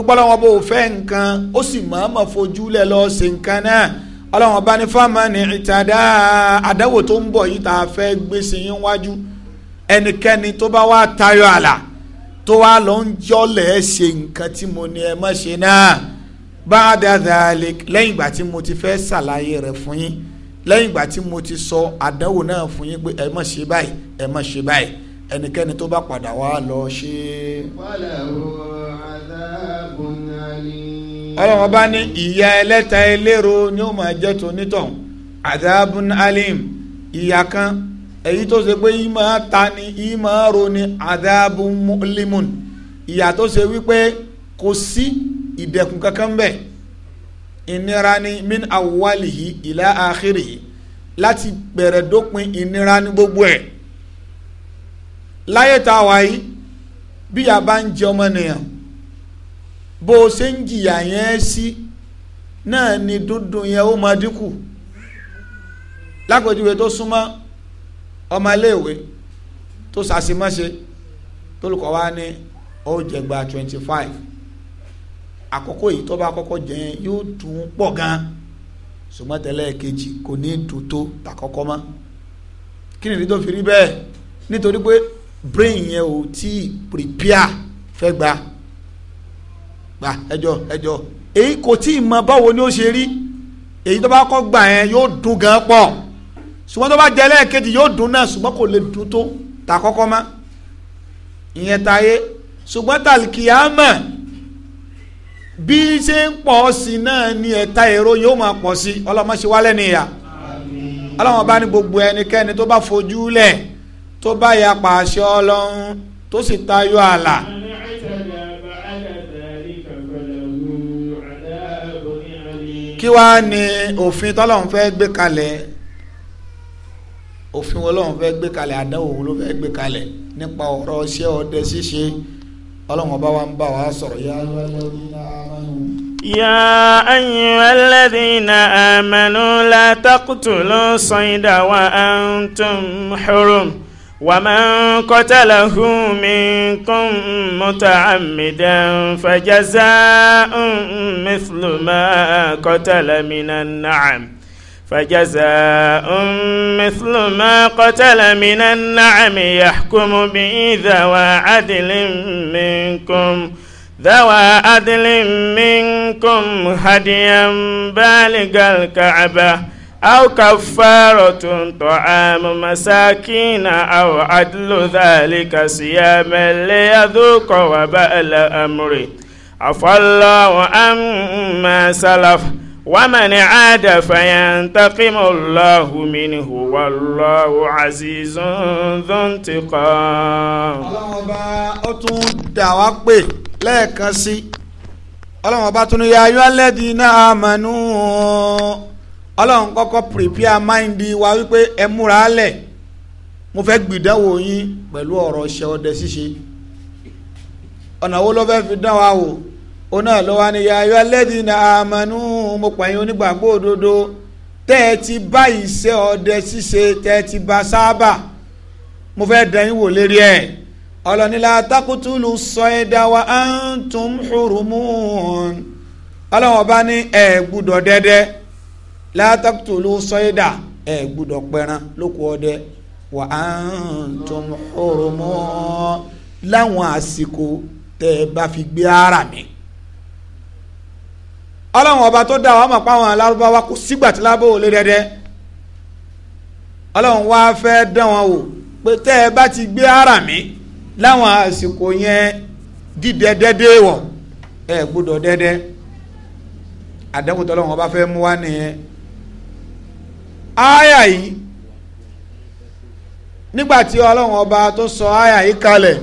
ìpọ́lọ́wọ́n bó fẹ́ nǹkan ó sì mọ̀ọ́mọ̀ fojú lẹ̀ lọ ṣe nǹkan náà ọlọ́wọ́n bá ní fáwọn ní ìtàdá àdáwò tó ń bọ̀ yìí tá a fẹ́ gbé sí yín wájú ẹnikẹ́ni tó bá wá tayọ àlà tó wá lọ ń jọ́lẹ̀ ṣe nǹkan tí mo ní ẹ má ṣe náà ba'da dhalik lẹ́yìn ìgbà tí mo ti fẹ́ ṣàlàyé rẹ̀ fún yín lẹ́yìn ìgbà tí mo ti sọ àdánwò náà fún yín pé ẹ má ṣe báyìí ẹ má ṣe báyìí ẹnikẹ́ni tó bá padà wá lọ ṣe. ọlọ́run bá ní ìyà ẹlẹ́ta eléro ni ó máa jẹ́ tó nítọ̀ adhabun alim ìyà kan èyí tó ṣe pé ìmọ̀ ta ni ìmọ̀ ro ni adhabun mu'limun ìyà tó ṣe wípé kò sí ìdẹ̀kùn kankan bẹ́ẹ̀ ìnira ni min awwalihi ila akhirihi láti bẹ̀rẹ̀ dópin ìnira ní gbogbo ẹ̀ láyé tá a wà yìí bí a bá ń jẹ ọmọnìyàn bó o ṣe ń jìyà yẹn sí náà ni dúndùn yẹn ó máa dínkù lápèjúwe tó súnmọ́ ọmọ iléèwé tó ṣàṣemáṣe tólùkọ́ wa ní ó twenty five àkókò yìí tó bá kọ́kọ́ jẹ yóò tún pọ̀ gan ṣùgbọ́n tẹ́lẹ̀ kejì kò ní tuntó tàkọ́kọ́ mọ́ kí nìdí tó fi rí bẹ́ẹ̀ nítorí pé brain yẹn ò tí prepare fẹ́ gba gba ẹjọ ẹjọ èyí kò tí ì mọ báwo ni ó ṣe rí èyí tó bá kọ́ gbà yẹn yóò dùn gan pọ̀ ṣùgbọ́n tó bá jẹ lẹ́ẹ̀kejì yóò dùn náà ṣùgbọ́n kò lè dùn tó ta kọ́kọ́ mọ́ ìyẹn ta yé ṣùgbọ́n tàlìkìyàmà bí ṣe ń pọ̀ sí náà ni ẹ̀ta èrò yóò máa pọ̀ sí ọlọ́mọṣẹ́ nìyà ọlọ́wọ́n bá ní gbogbo ẹnikẹ́ni tó bá fojú lẹ̀ tó bá ya pàṣẹ ọlọ́run tó sì tayọ ààlà. kí wàá ní òfin tọ́lọ́run fẹ́ gbé kalẹ̀ òfin ọlọ́run fẹ́ gbé kalẹ̀ àdánwò ló fẹ́ gbé kalẹ̀ nípa ọ̀rọ̀ iṣẹ́ ọdẹ ṣíṣe ọlọ́run ọba wa ń bá wa sọ̀rọ̀ yá.
يا أيها الذين آمنوا لا تقتلوا صيد وأنتم حرم ومن قتله منكم متعمدا فجزاء مثل ما قتل من النعم فجزاء مثل ما قتل من النعم يحكم به ذوى عدل منكم ذوى عدل منكم هديا بالغ الكعبة أو كفارة طعام مساكين أو عدل ذلك صياما ليذوق وبأل أمره عفى الله عما سلف ومن عاد فينتقم الله منه والله عزيز ذو انتقام ọlọ́run ọba ó tún dà
wá pé lẹ́ẹ̀kan sí ọlọ́run ọba tún ya ayọ́ lẹ́dí náà mọ̀nú ọlọ́run kọ́kọ́ prepare mind wa wípé ẹ múra lẹ̀ mo fẹ́ gbìdánwò yín pẹ̀lú ọ̀rọ̀ ṣẹ́ ọdẹ ṣíṣe ọ̀nà wo ló fẹ́ fi dán wa wò. Ona lọ́wọ́ ni yàyọ́ alẹ́dìnnà àmọ́nú mo pààyàn onígbàgbọ́ òdodo tẹ́ ẹ ti bá iṣẹ́ ọdẹ ṣíṣe tẹ́ ẹ ti bá sábà mo fẹ́ dẹ̀yìn wò lérí ẹ̀ ọlọ́nilá takùtùlù sọ ẹ̀dá wa á ń tún hurumun ọlọ́wọ́n bá ní ẹ̀ gbúdọ̀ dẹ́dẹ́ látàkùtùlù sọ ẹ̀dá ẹ̀ pẹran lóko ọdẹ wa antum hurumun láwọn àsìkò tẹ́ ẹ bá fi gbé ara mi ọlọ́run ọba tó dá wa mọ̀ páwọn alárúbáwá kò sígbà tí lábọ́ òlé dẹ́dẹ́ ọlọ́run wá fẹ́ dán wọn wò pé tẹ́ ẹ bá ti gbé ara mi láwọn àsìkò yẹn dídẹ dẹ́dẹ́ wọ̀ ẹ gbọ́dọ̀ dẹ́dẹ́ àdẹ́kùn tọ́lọ́run ọba fẹ́ mú wá nìyẹn áyà yìí nígbà tí ọlọ́run ọba tó sọ áyà yìí kalẹ̀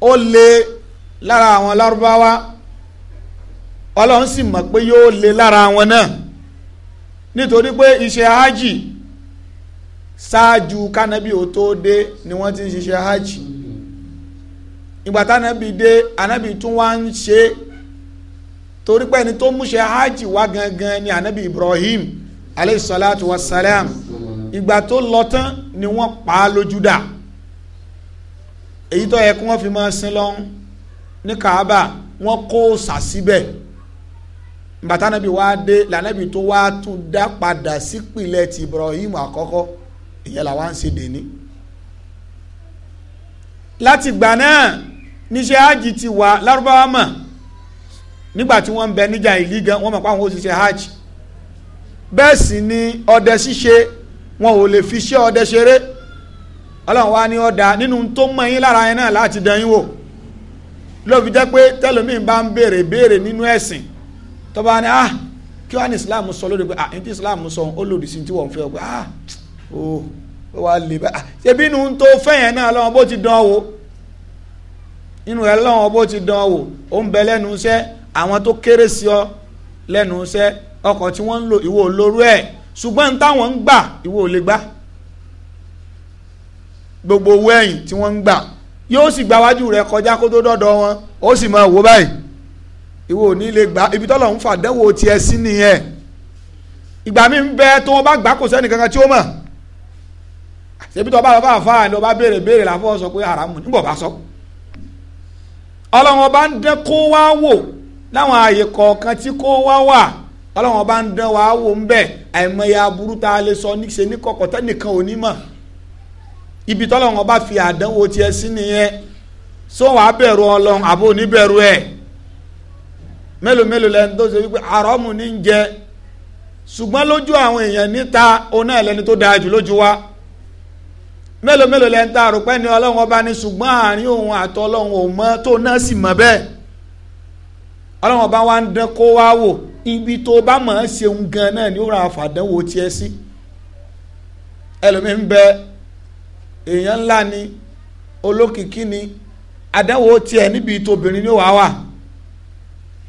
ó lé lára àwọn alárúbáwá ọlọ́run sì mọ̀ pé yóò le lára wọn náà nítorí pé iṣẹ́ hajj ṣáájú kánábì ò tó dé ni wọ́n ti ń ṣiṣẹ́ hajj ìgbà tánábì dé ànábì tún wá ń ṣe torí pé ẹni tó múṣe hajj wá gangan ni ànábì Ibrahim alayhi salatu wa salam ìgbà tó lọ tán ni wọ́n pa á lójú dà èyí tó yẹ kí wọ́n fi máa sin lọ́hún ní Kaaba wọ́n kó sà síbẹ̀. Si gbàtà nàbí wá dé lànàbí tó wá tún dá padà sípìlẹ̀ ti Ibrahim àkọ́kọ́ ìyẹn làwọn ń ṣe dèní. láti gbà náà níṣẹ́ hajj ti wà lárúbáwá mọ̀ nígbà tí wọ́n ń bẹ níjà ìlí gan wọ́n mọ̀ pé àwọn òṣìṣẹ́ hajj bẹ́ẹ̀ sì ni ọdẹ ṣíṣe wọn ò lè fi ṣe ọdẹ ṣeré ọlọ́run wa ni ọ̀dà nínú tó mọ̀ yín lára yẹn náà láti dán yín wò ló fi jẹ́ pé tẹ́lómi bá ń béèrè béèrè nínú ẹ̀sìn tọ́ba ni ah kí wàá ní islam sọ lórí pé ah ní islam sọ ó lòdì sí tí wọ́n fẹ́ ọ pé ah o ó wàá lè bá ah, ṣe bínú tó fẹ́yẹn náà lọ́wọ́ bó ti dán wò inú ẹ lọ́wọ́ bó ti dán wò ó ń bẹ lẹ́nu iṣẹ́ àwọn tó kéré sí ọ lẹ́nu iṣẹ́ ọkọ̀ tí wọ́n ń lò ìwọ olóró ẹ̀ ṣùgbọ́n ní táwọn ń gbà ìwọ ò lè gbà gbogbo owó ẹ̀yìn tí wọ́n ń gbà yóò sì gbáwájú rẹ kọjá kó tó dọ́dọ̀ wọn ó sì máa wò báyìí ìwọ ò ní lè gbà ibi tọ́lọ̀ ń fàdánwò tiẹ̀ sí nìyẹn ìgbà mi ń bẹ tó wọn bá gbà kò sẹ́ni kankan tí ó mọ̀ ṣebí tó bá lọ bá àfa ni ó béèrè béèrè làfọ́ sọ pé haramu nígbà bá sọ ọlọ́run ọba ń dẹ́ kó wá wò láwọn ààyè kọ̀ọ̀kan tí kó wá wà ọlọ́run ọba ń dẹ́ wá wò ń bẹ̀ àìmọye aburú tá a lè sọ ní kọ̀kọ̀ tẹ́nìkan mọ̀ ibi tọ́lọ́run ọba fi àdánwò tiẹ̀ sí nìyẹn sọ wàá bẹ̀rù ọlọ́run àbò oníbẹ̀rù ẹ̀ mélòó mélòó lẹni tó ṣe wípé àrọ́mù ní ń jẹ ṣùgbọ́n lójú àwọn èèyàn níta òun náà tó dáa jù lójú wa mélòó mélòó lẹni tá a rò pé ni ọlọ́run ọba ni ṣùgbọ́n àárín òun àti ọlọ́run ò mọ tó náà sì mọ bẹ́ẹ̀ ọlọ́run ibi tó bá mọ̀ ṣeun gan náà ni ó ra àfàdánwò tiẹ̀ sí bẹ èèyàn ńlá ni olókìkí ni àdánwò tiẹ̀ níbi tóbìnrin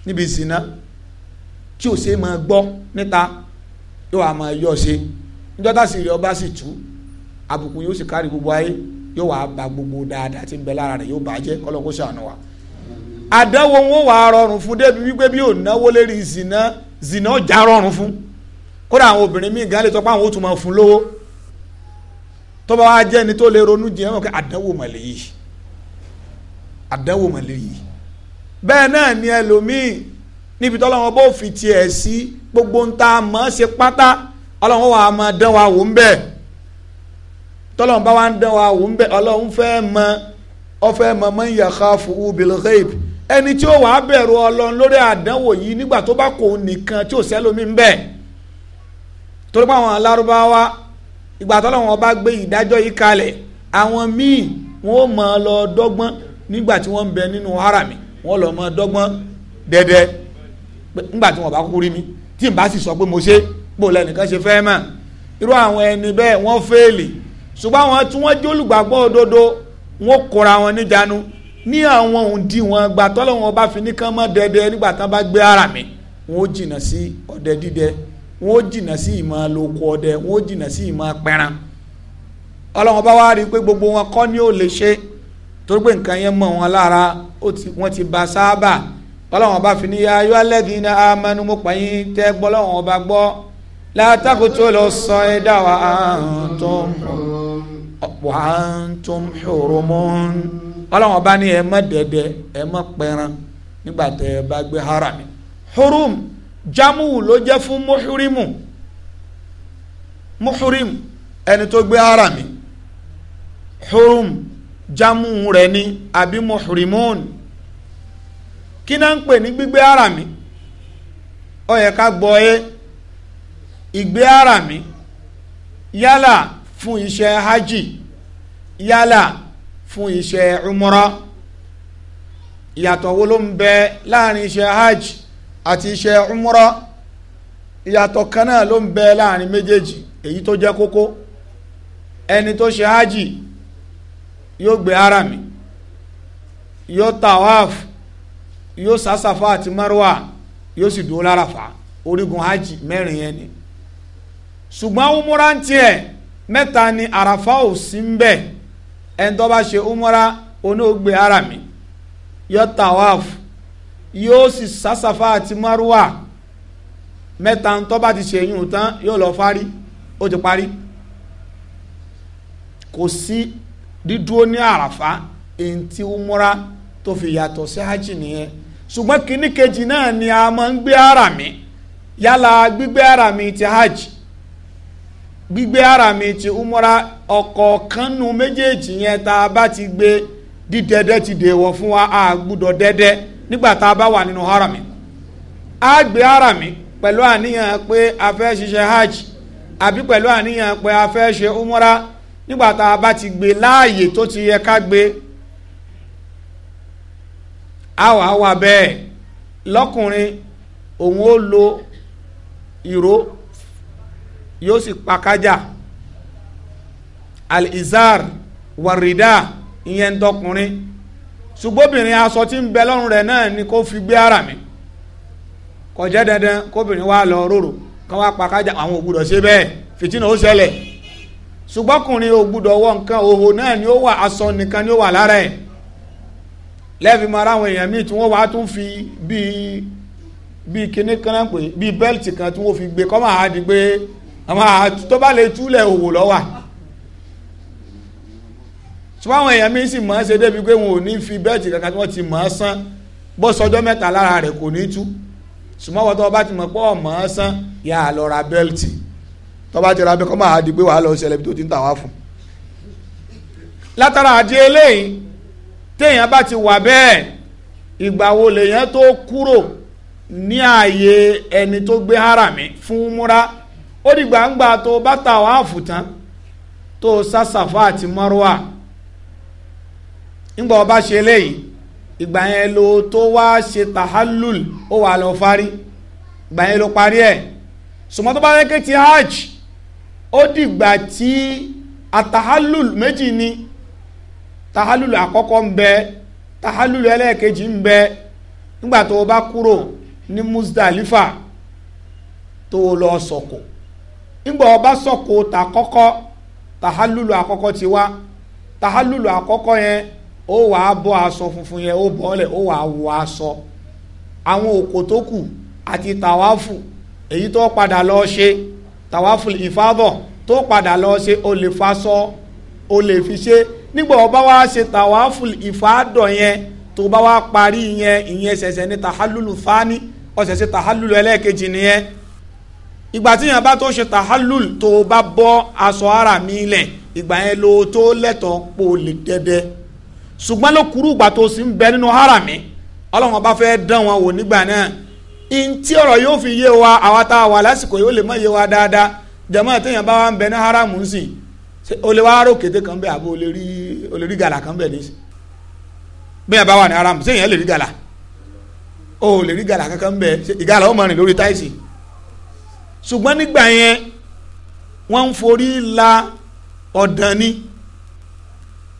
níbi ìsìná tí ò ṣe máa gbọ́ níta yóò wá máa yọ ṣe níjọ́ tá sì rí ọba sì tú àbùkù yóò sì kárí gbogbo ayé yóò wá ba gbogbo dáadáa tí ń bẹ lára rẹ̀ yóò bàjẹ́ kọ́lọ́kó ṣàánú wa. àdánwò wọn wà á rọrùn fún débi wípé bí ò náwó lérí ìsìná ìsìná ọjà rọrùn fún kódà àwọn obìnrin míì gan lè tọ́ pé àwọn ò tún máa fún lówó tó bá jẹ́ ẹni tó lè ronú jẹ́ wọn kí àdánwò mọ̀lẹ́ yìí àdánwò mọ̀lẹ́ yìí bẹ́ẹ̀ náà ni ẹlòmíì níbi tọ́lọ́wọ́n bó fi tiẹ̀ sí gbogbo ń ta mọ́ ṣe pátá ọlọ́run wà á mọ dán wa wò ń bẹ̀ tọ́lọ́run bá wa ń dán wa wò ń bẹ̀ ọlọ́run fẹ́ mọ ọfẹ́ mọ mọ́ ìyá káfù ubilghaib ẹni tí ó wàá bẹ̀rù ọlọ́run lórí àdánwò yìí nígbà tó bá kò nìkan tí ò sẹ́lómi ń bẹ̀ torí pé àwọn alárúbáwá ìgbà tọ́lọ́run bá gbé ìdájọ́ yìí kalẹ̀ àwọn míì wọn ò mọ̀ ọ́ lọ dọ́gbọ́n nígbà tí wọ́n ń bẹ nínú harami wọ́n lọ mọ dọ́gbọ́n dẹ́dẹ́ nígbà tí wọ́n bá kúkú rí mi tí n bá sì sọ pé mo ṣe bó lẹ́nìkan ṣe fẹ́ mà irú àwọn ẹni bẹ́ẹ̀ wọ́n fẹ́ẹ̀lì ṣùgbọ́n àwọn tí wọ́n jólùgbàgbọ́ òdodo wọn kóra wọn ní àwọn wọn gbà dẹ́dẹ́ nígbà ara mi wọ́n jìnnà sí ọdẹ dídẹ gbogbo wọn kọ́ ni torí pé nǹkan yẹn mọ̀ wọn lára wọ́n ti ba sábà ọlọ́wọ́n bá fi níyà ayọ́ alẹ́dìí ní amánú mo pààyàn tẹ́ gbọ́ lọ́wọ́n bá gbọ́ látàkùn tó lọ sọ ẹ dá wa antum wa antum hurumun ọlọ́wọ́n bá ní ẹ mọ́ dẹ́dẹ́ ẹ mọ́ pẹran nígbà tẹ́ ẹ bá gbé harami hurum jamu ló jẹ́ fún muhurimu muhurim ẹni tó gbé harami hurum. jamu rẹ ni àbí muhrimun kí náà ń pè ní gbígbé mi? ó yẹ ká gbọ́ ẹ ìgbé àràmì yálà fún iṣẹ́ hajj yálà fún iṣẹ́ umra ìyàtọ̀ wo ló ń bẹ láàrin iṣẹ́ hajj àti iṣẹ́ umra ìyàtọ̀ kan náà ló ń bẹ láàrin méjèèjì èyí tó jẹ́ kókó ẹni tó ṣe hajj yóò gbé harami yóò tawaf yóò sasafa àti marwa yóò sì dúró lárafa orígun hajj mẹ́rin yẹn ni ṣùgbọ́n umura ń tiẹ̀ mẹ́ta ni àràfà ò sí ń bẹ̀ ẹni tó bá ṣe umura onígbé harami yóò tawaf yóò sì sasafa àti marwa mẹ́ta ń tó bá ti ṣe yún tán yóò lọ fárí ó ti parí kò sí dídúró ní àràfá èyí tí umura tó fi yàtọ̀ sí hajj nìyẹn ṣùgbọ́n kínní kejì náà ni a máa ń gbé ara mi yálà gbígbé ara mi ti hajj gbígbé ara mi ti umura ọ̀kọ̀ọ̀kan nu méjèèjì yẹn tá a bá ti gbé dídẹ́dẹ́ ti dèwọ̀ fún wa a gbúdọ̀ dẹ́dẹ́ nígbà tá a bá wà nínú harami a gbé pe pẹ̀lú àníyàn pé a fẹ́ ṣiṣẹ́ hajj àbí pẹ̀lú àníyàn pé a fẹ́ ṣe umura nígbà tá a bá ti gbé láàyè tó ti yẹ ká gbé àwa wà bẹ́ẹ̀ lọ́kùnrin òun ó lo ìró yóò sì pakájà alizar warida ìyẹn ń dọkùnrin ṣùgbọ́bìnrin aṣọ tí ń bẹ lọ́rùn rẹ̀ náà ni kó fi gbé ara mi kò dandan kóbìnrin wa lọ rorò kán wá pakájà àwọn ògbúdọ̀ ṣe bẹ́ẹ̀ fìtínà ó ṣẹlẹ̀ ṣùgbọ́kùnrin ò gbúdọ̀ wọ nǹkan òhò náà ni ó wà aṣọ nìkan ni ó wà lára ẹ̀ lẹ́ẹ̀fi mọ ara àwọn èèyàn míì tí wọ́n wá tún fi bíi bíi kinní kan náà pé bíi bẹ́ẹ̀tì kan tí wọ́n fi gbé kọ́ máa di pé àwọn àtúntò bá lè túlẹ̀ òwò lọ́wà ṣùgbọ́n àwọn èèyàn míì sì mọ̀ ọ́n ṣe débi pé wọn ò ní fi bẹ́ẹ̀tì kankan tí wọ́n ti mọ̀ ọ́n sán bó sọjọ́ mẹ́ta lára rẹ̀ kò ní tú ṣùgbọ́n wọ́n tó bá ti mọ̀ pé ọ̀ mọ̀ ọ́n yà á lọ ra bẹ́ẹ̀tì tọ́ba ti ra bẹ́ẹ̀ kọ́ máa di pé wàá lọ ṣẹlẹ̀ bí tó ti ń tà wá fún. látara àdí eléyìí téèyàn bá ti wà bẹ́ẹ̀ ìgbà wo lèèyàn tó kúrò ní ààyè ẹni tó gbé harami fún múra ó di gbàǹgbà tó bá tà wá fún tán tó sàṣàfà àti mọ́rùwà ńgbà ọba ṣe eléyìí ìgbà yẹn ló tó wá ṣe tahallul ó wà lọ fárí ìgbà yẹn ló parí ẹ̀ sùmọ́tò bá yẹ kí ti hajj ó dìgbà tí atahalul méjì ni tahalul àkọ́kọ́ ń bẹ tahalul ẹlẹ́ẹ̀kejì ń bẹ nígbà tó o bá kúrò ní Muzdalifa tó o lọ sọ̀kò nígbà o bá sọ̀kò tàkọ́kọ́ tahalulu àkọ́kọ́ ti wá tahalulu àkọ́kọ́ yẹn ó wàá bọ́ aṣọ funfun yẹn ó bọ́ọ̀lẹ̀ ó wàá wọ aṣọ àwọn òkò tó kù àti tàwáfù èyí tó padà lọ ṣe tawaful ìfádọ̀ tó padà lọ ṣe o lè fa sọ o lè fi ṣe nígbà ọba wa ṣe tawaful ìfádọ̀ yẹn tó bá wa parí yẹn ìyẹn ṣẹ̀ṣẹ̀ ní tàhálùlù fáni ọ̀sẹ̀ ṣe tahalulu ẹlẹ́ẹ̀kejì nìyẹn ìgbà tí yẹn bá tó ṣe tàhálùlù tó bá bọ́ aṣọ ara mi ìgbà yẹn tó pò lè ló kúrú ìgbà tó bẹ nínú ara mi ọba dán ntí ọ̀rọ̀ yóò fi yé wa àwa tá a wà lásìkò yóò lè má yé wa dáadáa jẹ̀mọ́ àtẹ̀yìn bá wa ń bẹ ní haramu ń sìn o lè wá rò kété kan bẹ́ẹ̀ àbí o lè rí o lè rí gàlà kan bẹ́ẹ̀ ní bẹ́ẹ̀ bá wà ní haramu sẹ́yìn ẹ̀ lè rí gàlà o lè rí gàlà kankan bẹ́ẹ̀ ìgàlà ó máa rìn lórí táìsì ṣùgbọ́n nígbà yẹn wọ́n ń forí la ọ̀dàn ni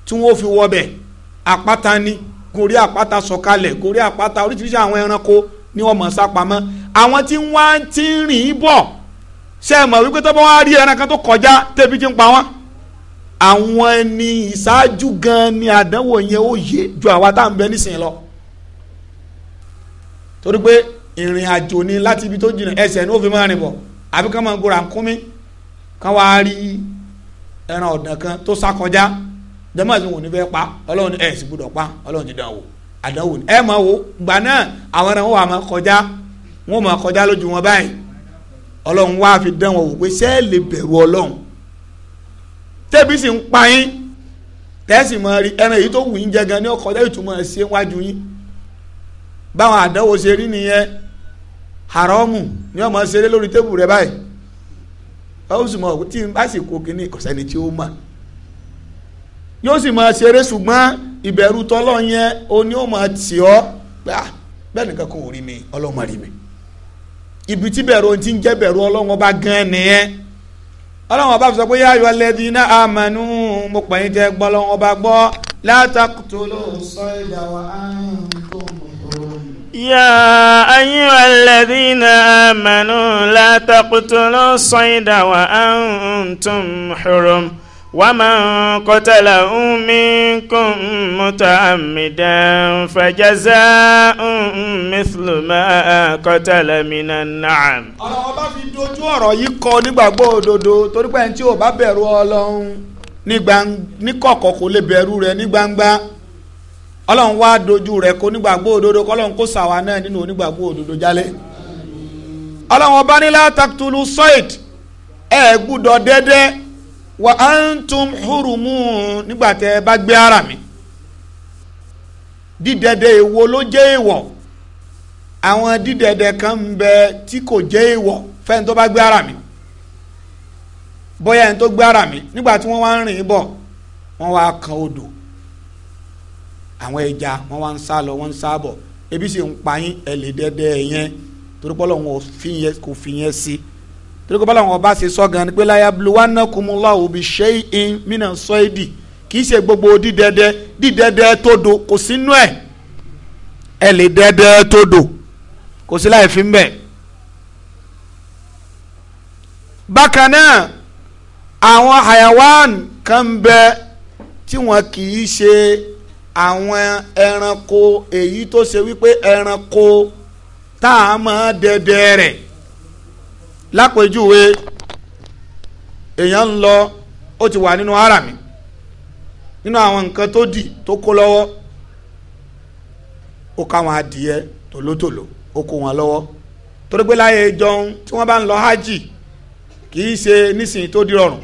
tí wọ́n fi wọ́ bẹ̀ àpáta ni gorí àpáta sọ̀kalẹ̀ gorí àpáta oríṣiríṣi àwọn ẹranko ni wọ́n mọ̀ sá pamọ́ àwọn tí wọ́n ti ń rìn bọ̀ ṣe mọ̀ wípé tó bá wọ́n rí ẹran kan tó kọjá tẹ́bi ti ń pa wọ́n àwọn ẹni ìṣáájú gan ni àdánwò yẹn ó yé ju àwa tá à ń bẹ nísìnyí lọ torí pé ìrìn àjò ni láti ibi tó jìnnà ẹsẹ̀ ni ó fi máa rìn bọ̀ àbí ká máa gbóra nkúmi ká wàá rí ẹran ọ̀dàn kan tó sá kọjá jẹ́mọ̀ ẹ̀sìn wò ní fẹ́ pa ọlọ́run ẹ̀ sì gbọ́dọ̀ pa ọlọ́run ti dàn wò àdánwò ẹ máa wo gbà náà àwọn ẹran wà máa kọjá wọn máa kọjá lójú wọn báyìí ọlọ́run wá fi dán wọn wò pé sẹ́ẹ̀lì bẹ̀rù ọlọ́run tẹ́bí sì ń pa yín tẹ́sí máa rí ẹran èyí tó wù yín jẹ gan ní ọkọ̀ lẹ́yìn tó máa ṣe wájú yín báwọn àdánwò ṣe rí nìyẹn haramu ni wọn máa ṣeré lórí tébù rẹ báyìí báwo sì mọ̀ tí n bá sì kó kínní kò sẹ́ni tí ó mọ̀ yóò sì máa ṣeré ṣùgbọ́n ìbẹ̀rù tọ́lọ́ yẹn o ní ó máa tì ọ́ ah, bẹ́ẹ̀ mi ibi tí bẹ̀rù ohun tí ń jẹ́ bẹ̀rù ọlọ́run ọba gan nìyẹn ọlọ́run ọba fi sọ pé yá ayọ̀ lẹ́dí iná àmánú mo pè jẹ́ gbọ́ gbọ́ látàkùtò ló sọ
ومن قتله منكم متعمدا فجزاء مثل ما قتل من النعم. ọ̀rọ̀ ọba
fi dojú ọ̀rọ̀ yìí kọ nígbàgbọ́ òdodo torí pé ẹni tí ò bá bẹ̀rù ní kọ̀kọ̀ kò lè bẹ̀rù rẹ̀ ní gbangba ọlọ́run wá dojú rẹ̀ kó nígbàgbọ́ òdodo kọ́lọ́run kó náà nínú onígbàgbọ́ òdodo jálẹ̀. ọlọ́run ọba ní látàkùtù sọ́ìd dẹ́dẹ́. wa antum hurumun nígbà tẹ ẹ bá gbé ara mi dídẹ̀dẹ̀ èwo ló jẹ́ èèwọ̀ àwọn dídẹ̀dẹ̀ kan ń bẹ tí kò jẹ́ èèwọ̀ fẹ́ni tó bá gbé ara mi bóyá ẹni tó gbé ara mi nígbà tí wọ́n wá ń rìn bọ̀ wọ́n wá kan odò àwọn ẹja wọ́n wá ń sá lọ wọ́n ń sá bọ̀ ebi sì ń pa yín ẹ̀ lè dẹ́dẹ́ yẹn torí pé Ọlọ́run kò fi yẹn sí. Si torí kò bá làwọn ọba ṣe sọ gan ni pé láyà bluwanakumulawo bi ṣe in mina sọ́ẹ̀dì kì í ṣe gbogbo dídẹ́dẹ́ dídẹ́dẹ́ tó do kò sínú ẹ̀ ẹ lè dẹ́dẹ́ tó do kò sí láì fi ń bẹ̀. bákan náà àwọn hayawan kan ń bẹ tí wọn kì í ṣe àwọn ẹranko èyí tó ṣe wípé ẹranko tá a máa dẹ́dẹ́ rẹ̀ lápèjúwe èèyàn ń lọ ó ti wà nínú harami nínú àwọn nǹkan tó dì tó kó lọ́wọ́ ó ká wọn adìyẹ tòlótòló ó kó wọn lọ́wọ́ torí pé láyé jọun tí wọ́n bá ń lọ hajj kì í ṣe nísìnyí tó di rọrùn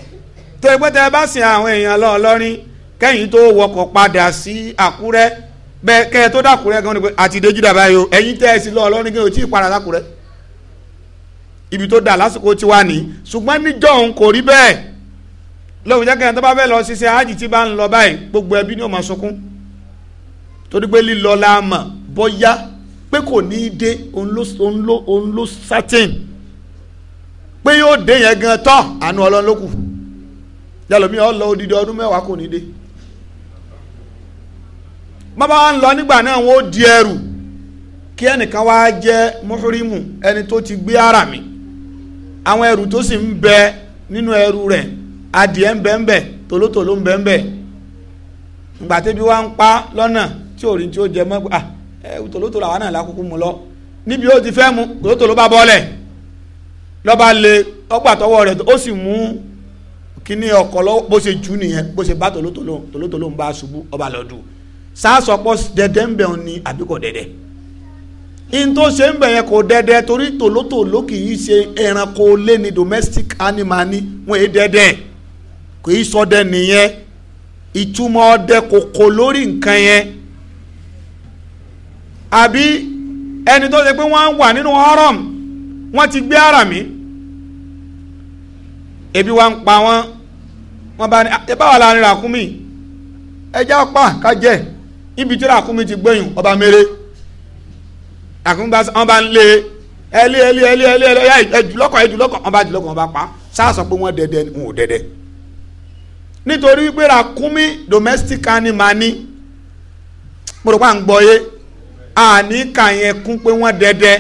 torí pé tẹ́ ẹ bá sin àwọn èèyàn lọ lọ́rin kẹ́yìn tó wọkọ̀ padà sí àkúrẹ́ bẹ́ẹ̀ kẹ́ ẹ tó dàkúrẹ́ gan ni àti dojú dàbáyò tẹ́ ẹ sí lọ lọ́rin kí n ò tí ì padà lákúrẹ́ ibi tó dà lásìkò tí wà ṣùgbọ́n níjọ́ òun kò rí bẹ́ẹ̀ lóun jẹ́ kẹ́hìn tó bá fẹ́ lọ ṣiṣẹ́ hajj tí bá ń lọ báyìí gbogbo ẹbí ni ó máa sunkún torí pé lílọ la mọ̀ bóyá pé kò ní í dé òun ló òun ló òun ló certain pé yóò dé yẹn gan tán àánú ọlọ́run ló kù yálòmí ọ lọ odidi ọdún mẹ́wàá kò ní dé bàbá wa ń lọ nígbà náà wọn ó di ẹrù kí ẹnìkan wá jẹ́ muhurimu ẹni tó ti gbé ara mi àwọn ẹrù tó sì ń bẹ nínú ẹrù rẹ̀ adìẹ ń bẹ ń bẹ tòlótòló ń bẹ ń bẹ ìgbà wá ń pa lọ́nà tí ò rí tí ó jẹ mọ́ à tòlótòló àwa náà lákòókò mu lọ níbi ó ti fẹ́ mu bá lọ́ba mú kíní bá ọba lọ́dún sọpọ́ ń bẹ̀ ọ́ in tó ṣe ń bẹ̀yẹ kò dẹ́dẹ́ torí tòlótòló kì í ṣe ẹranko lé ní domestic animal ni wọn è dẹ́dẹ́ kò í sọdẹ nìyẹn ìtumọ̀ ọdẹ kòkò lórí nǹkan yẹn àbí ẹni tó ṣe pé wọ́n wà nínú haram wọ́n ti gbé ara mi ebi wa ń pa wọ́n wọ́n bá ní ah, ẹ báwa la rìn ẹ já pa ká ibi tí ràkúnmí ti gbẹ̀yìn ọba mẹ́rẹ́ àkúngbà wọn bá ń lé ẹlé ẹlé ẹlé ẹlé ẹlé ẹjùlọkọ ẹjùlọkọ wọn bá jùlọkọ wọn bá pa sáàsọ pé wọn dẹdẹ ni wọn ò dẹdẹ nítorí wípé ràkúnmí domestic animal ni mo rò pa ń gbọ́ yé àní kà yẹn kún pé wọn dẹdẹ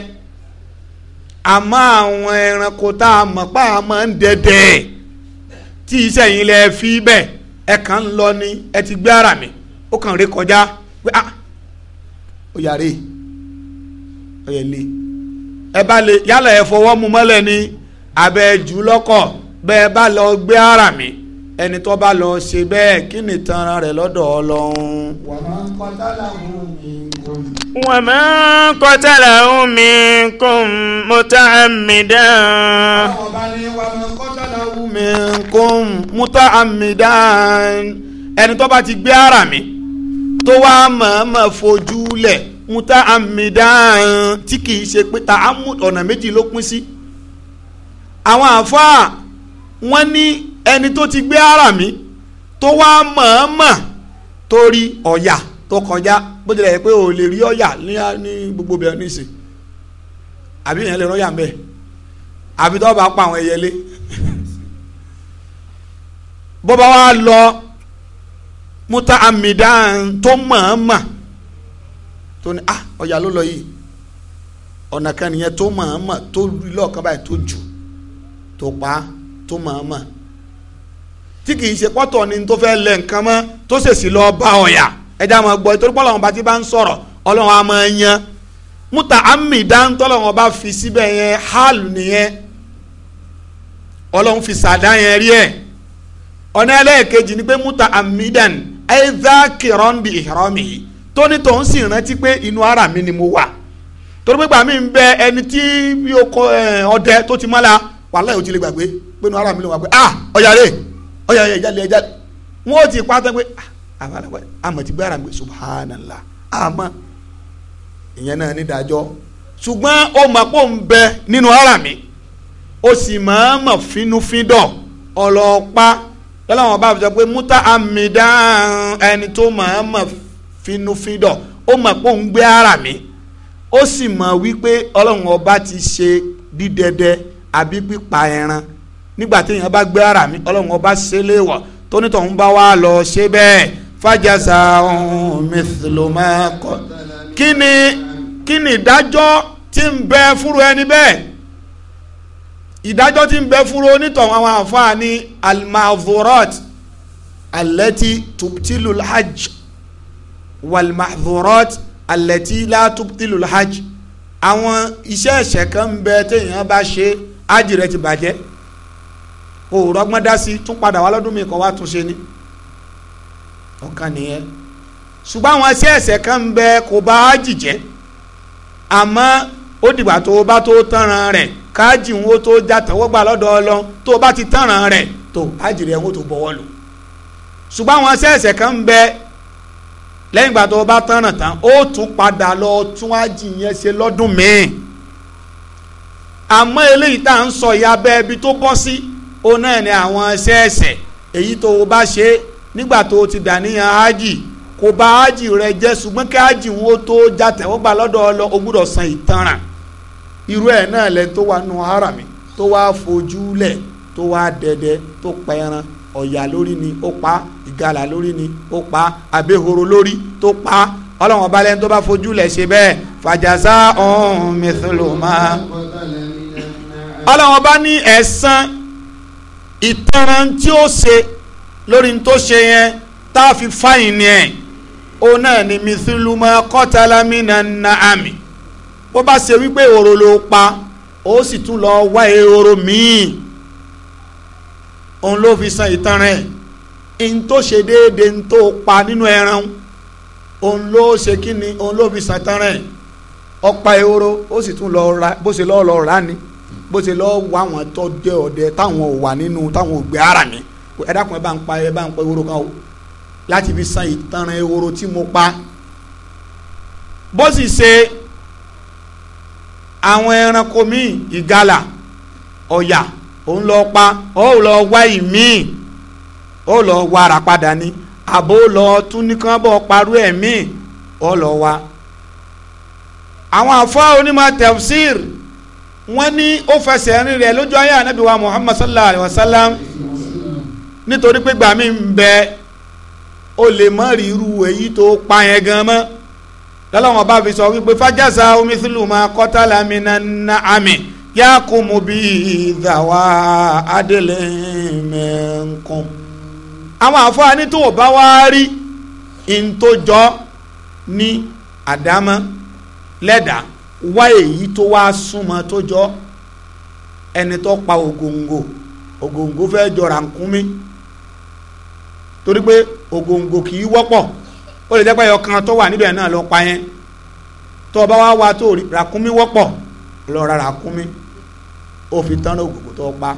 àmọ́ àwọn ẹranko tá a mọ̀ pa á máa ń dẹdẹ tí iṣẹ́ yìí lẹ fi bẹ́ẹ̀ ẹ kàn ń lọ ni ẹ ti gbé ara mi ó kàn rékọjá pé ah ó yàrá yìí. E ẹ lé ẹ bá lè yálà ẹ fọwọ́ mu mọ́lẹ̀ ní abẹ́ jù lọ́kọ̀ bẹ́ẹ̀ bá lọ gbé ara mi ẹni tó bá lọ ṣe bẹ́ẹ̀ kí ni tanra rẹ̀ lọ́dọ̀ ọlọ́run. wa
man qatalahu minkum muta'ammidan. àwọn ọba ní wa man qatalahu minkum
muta'ammidan. ẹni tó bá ti gbé ara mi tó wá mọ̀ọ́mọ̀ fojú lẹ̀ muta amidan tí kì í ṣe pé ta amú ọ̀nà méjì ló pín sí àwọn àfáà wọ́n ní ẹni tó ti gbé ara mi tó wá mọ̀ọ́mọ̀ tó rí ọ̀yà tó kọjá bó tilẹ̀ yẹ pé o lè rí ọ̀yà ní gbogbo bẹ̀rẹ̀ níṣẹ́ àbí yẹn lè rọ́yà mẹ́ẹ̀ àbí tó bá pa àwọn ẹyẹlé bó bá wá lọ múta amidan tó mọ̀ọ́mọ̀ tó ní ah ọ̀yà ló lọ yìí ọ̀nà kan nìyẹn tó mọ̀ọ́mọ̀ tó rí lọ́ọ̀kan báyìí tó jù tó pa tó mọ̀ọ́mọ̀ tí kì í ṣe pọ́tọ̀ ni tó fẹ́ lẹ̀ nǹkan mọ́ tó ṣèṣì lọ bá ọ̀yà ẹja máa gbọ́ ìtorí pọ́ lọ́wọ́n bá ti bá ń sọ̀rọ̀ ọlọ́wọ́n á máa yan múta àmì dáńtọ́ lọ́wọ́n bá fi síbẹ̀ yẹn hálù nìyẹn ọlọ́wọ́n fi sàdá yẹn rí ẹ̀ ọ̀nà ẹlẹ́ẹ̀kejì ni pé múta àmì dàn ẹ̀ dákìrọ́ǹbì ìhìrọ́mì yìí tónítọ̀ ń sì rántí pé inú ara mi ni mo wà torí pé gbà ń bẹ ẹni tí bí oko ọdẹ tó ti mọ́la wàhálà yóò ti lè gbàgbé pé inú ara mi wà pé ah ọ̀yàrè ọ̀yàrè ìjàlè ìjàlè wọn ti pátá pé ah, àmọ̀ ti gbé ara mi pé ìyẹn náà ṣùgbọ́n mọ̀ pé bẹ nínú ara mi ó sì máa fínúfíndọ̀ bá fi sọ pé àmì dáhùn ẹni tó fínúfíndọ̀ finúfíndọ̀ ó mọ̀ pé òun gbé ara mi ó sì mọ̀ wípé ọlọ́run ọba ti ṣe dídẹdẹ àbí pípa ẹran nígbà tí èèyàn bá gbé ara mi ọlọ́run ọba ṣe léèwọ̀ tónítọ̀hún bá wá lọ ṣe bẹ́ẹ̀ fàjàsà ọ̀hún mẹ́tìlómẹ́kọ. kí ni kí ni ìdájọ́ tí ń bẹ fúru ẹni bẹ́ẹ̀ ìdájọ́ tí ń bẹ fúru onítọ̀hún àwọn àǹfààní almavorat alẹ́tí tubtilul hajj walmahdhurat allati la tubtilu alhajj àwọn iṣẹ́ ẹ̀ṣẹ̀ kan ń bẹ téèyàn bá ṣe ájì rẹ ti bàjẹ́ kò rọgbọ́n dá sí tún padà wá lọ́dún mi kọ́ wá tún ṣe ni ọ̀kan nìyẹn ṣùgbọ́n àwọn iṣẹ́ ẹ̀ṣẹ̀ kan ń bẹ kò bá ájì jẹ́ àmọ́ ó dìgbà tó o bá tó tánran rẹ̀ káàjì ń wo tó já tẹ̀wọ́ lọ́dọ̀ Ọlọ́run tó o bá ti tánran rẹ̀ tó ájì rẹ̀ ń wo tó bọ̀wọ́ lò ṣùgbọ́n àwọn iṣẹ́ ẹ̀ṣẹ̀ kan ń bẹ lẹ́yìn ìgbà tó o bá tánràn tán ó tún padà lọ tún ájì yẹn ṣe lọ́dún mìíràn àmọ́ eléyìí tá à ń sọ ìyá abẹ́ ibi tó bọ́ sí o náà ní àwọn ṣẹ́ẹ̀ṣẹ̀ èyí tó o bá ṣe nígbà tó o ti dà dàníyàn ájì kò bá ájì rẹ jẹ́ ṣùgbọ́n kí ájì wọn ó tó jàtẹ̀ ó gbà lọ́dọ̀ ọ lọ o gbúdọ̀ san ìtanràn irú ẹ̀ náà lẹ tó wà nù háràmì tó wà fojú lẹ̀ tó wà dẹdẹ tó pẹran ọ̀yà lórí ni ó pa ìgalà lórí ni ó pa abéhoro lórí tó pa ọlọ́run ọba lẹ́ni tó bá fojú lẹ̀ ṣe bẹ́ẹ̀ fàjàsá ọ̀hún mẹ́tòlómà ọlọ́run ọba ní ẹ̀san ìtanràn tí ó ṣe lórí tó ṣe yẹn tá a fi fáyìn ni ẹ̀ ó náà ní mẹ́tòlómà kọ́tàlámínà nàámi bó bá ṣe wípé ehoro ló pa ó sì tún lọ wá ehoro míì òun ló fi san ìtanràn ẹ̀ n tó ṣe déédéé n tó pa nínú ẹran òun ló ṣe kíni òun ló fi san ìtanràn ẹ̀ ọ̀pá ehoro ó sì tún lọ ra bó ṣe lọ́ọ́ lọ rà ni bó ṣe lọ́ọ́ wá àwọn tó jẹ́ ọdẹ táwọn ò wà nínú táwọn ò gbé ara mi ẹ dákun ẹ bá ń pa ẹ bá ń pa ehoro kan o láti fi san ìtanràn ehoro tí mo pa bó sì ṣe àwọn ẹranko míì ìgalà ọ̀yà òun lọ pa ó lọ wá ìmíì ó lọ wá ara padà ní àbó lọ tún nìkan bọ̀ parú ẹ̀ míì ó lọ wá. àwọn àfọ onímọ̀ tafsir wọ́n ní ó fẹsẹ̀ rìn rẹ̀ lójú ayé ànábì Muhammad sallallahu alayhi wa sallam nítorí pé gbàmí ń bẹ ó lè mọ ríru èyí tó pa yẹn gan mọ́ lọ́lọ́wọ́n bá fi sọ wípé fájásá omi sílùmọ́ kọ́tàlámínà náà àmì. yakumu bi dawa adele mẹ́ńkùn. àwọn àfọwọ́ni tó o bá wá rí ntòjọ́ ní àdámọ́ lẹ́dà wá èyí tó wá súnmọ́ tó jọ ẹni tó pa ògòǹgò ògòǹgò fẹ́ jọra nkúmi torí pé ògòǹgò kì í wọ́pọ̀ ó lè jẹ́ pé pa wọ́pọ̀ ó fi tán rògbòkò tó pa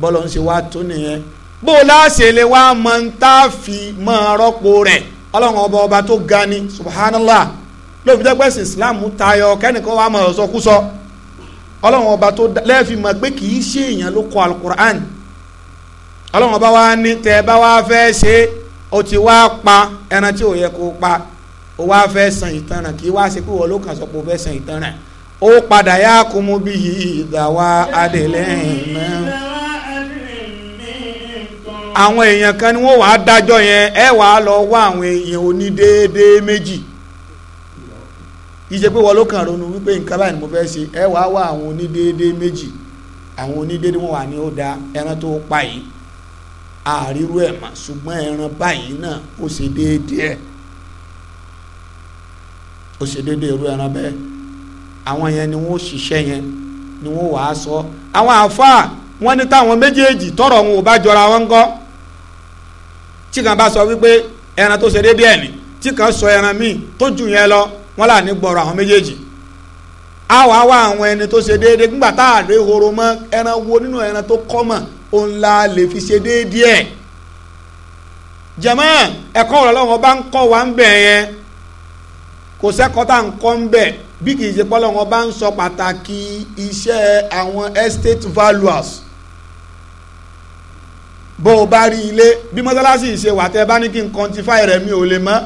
bọ́lọ̀ ń ṣe wá tó nìyẹn bó o láṣẹ lè wá mọ ń tá a fi mọ rọ́pò rẹ̀ ọlọ́run ọba ọba tó ga ni subhanallah ló fi dẹ́gbẹ́ islam tayọ kẹ́nìkan wà mọ̀ ọ̀sọ́kúsọ ọlọ́run ọba tó lẹ́ẹ̀fi mọ̀ pé kì í ṣe èèyàn ló kọ alukur'an ọlọ́run ọba wa ní tẹ́ ẹ bá wá fẹ́ ṣe ó ti wá pa ẹran tí ò yẹ kó pa ó wá fẹ́ san ìtanràn kì í wá ṣe pé wọ́n ló kàn sọ pé ó fẹ́ san ìtanràn ó padà yá kúmú bí ìdàwà adìlẹ́yìn mẹ́rin àwọn èèyàn kan ni wọ́n wàá dájọ́ yẹn ẹ wàá lọ wá àwọn èèyàn onídéédéé méjì ìṣe pé wọ́n ló kàn ronú wípé nǹkan báyìí ni mo fẹ́ ṣe ẹ wàá wá àwọn onídéédéé méjì àwọn onídéédéé wọn wà ní ó da ẹran tó pa yìí àrírú ẹ̀ mà ṣùgbọ́n ẹran báyìí náà ó ṣe déédéé ó ṣe déédéé irú ẹran bẹ́ẹ̀ àwọn yẹn ni wọ́n ṣiṣẹ́ yẹn ni wọ́n wàá sọ àwọn àfáà wọ́n ní táwọn méjèèjì tọrọ wọn ò bá jọra wọn gọ́ tí kan bá sọ wípé ẹran tó ṣe ẹni tí kan sọ ẹran míì tó jù yẹn lọ wọn là ní gbọrọ àwọn méjèèjì a wà wá ẹni tó ṣe nígbà tá a rí horo mọ ẹran wo nínú ẹran tó òun la lè fi ṣe bá ń kò sẹ́kọ̀ọ́ tá à ń kọ́ ń bẹ̀ bí kì í ṣe pọ́lọ́ wọn bá ń sọ pàtàkì iṣẹ́ àwọn estate valuers bó o bá rí ilé bí mọ́sálásì ṣe wà tẹ́ bá ní kí n quantify rẹ̀ mi ò lè mọ́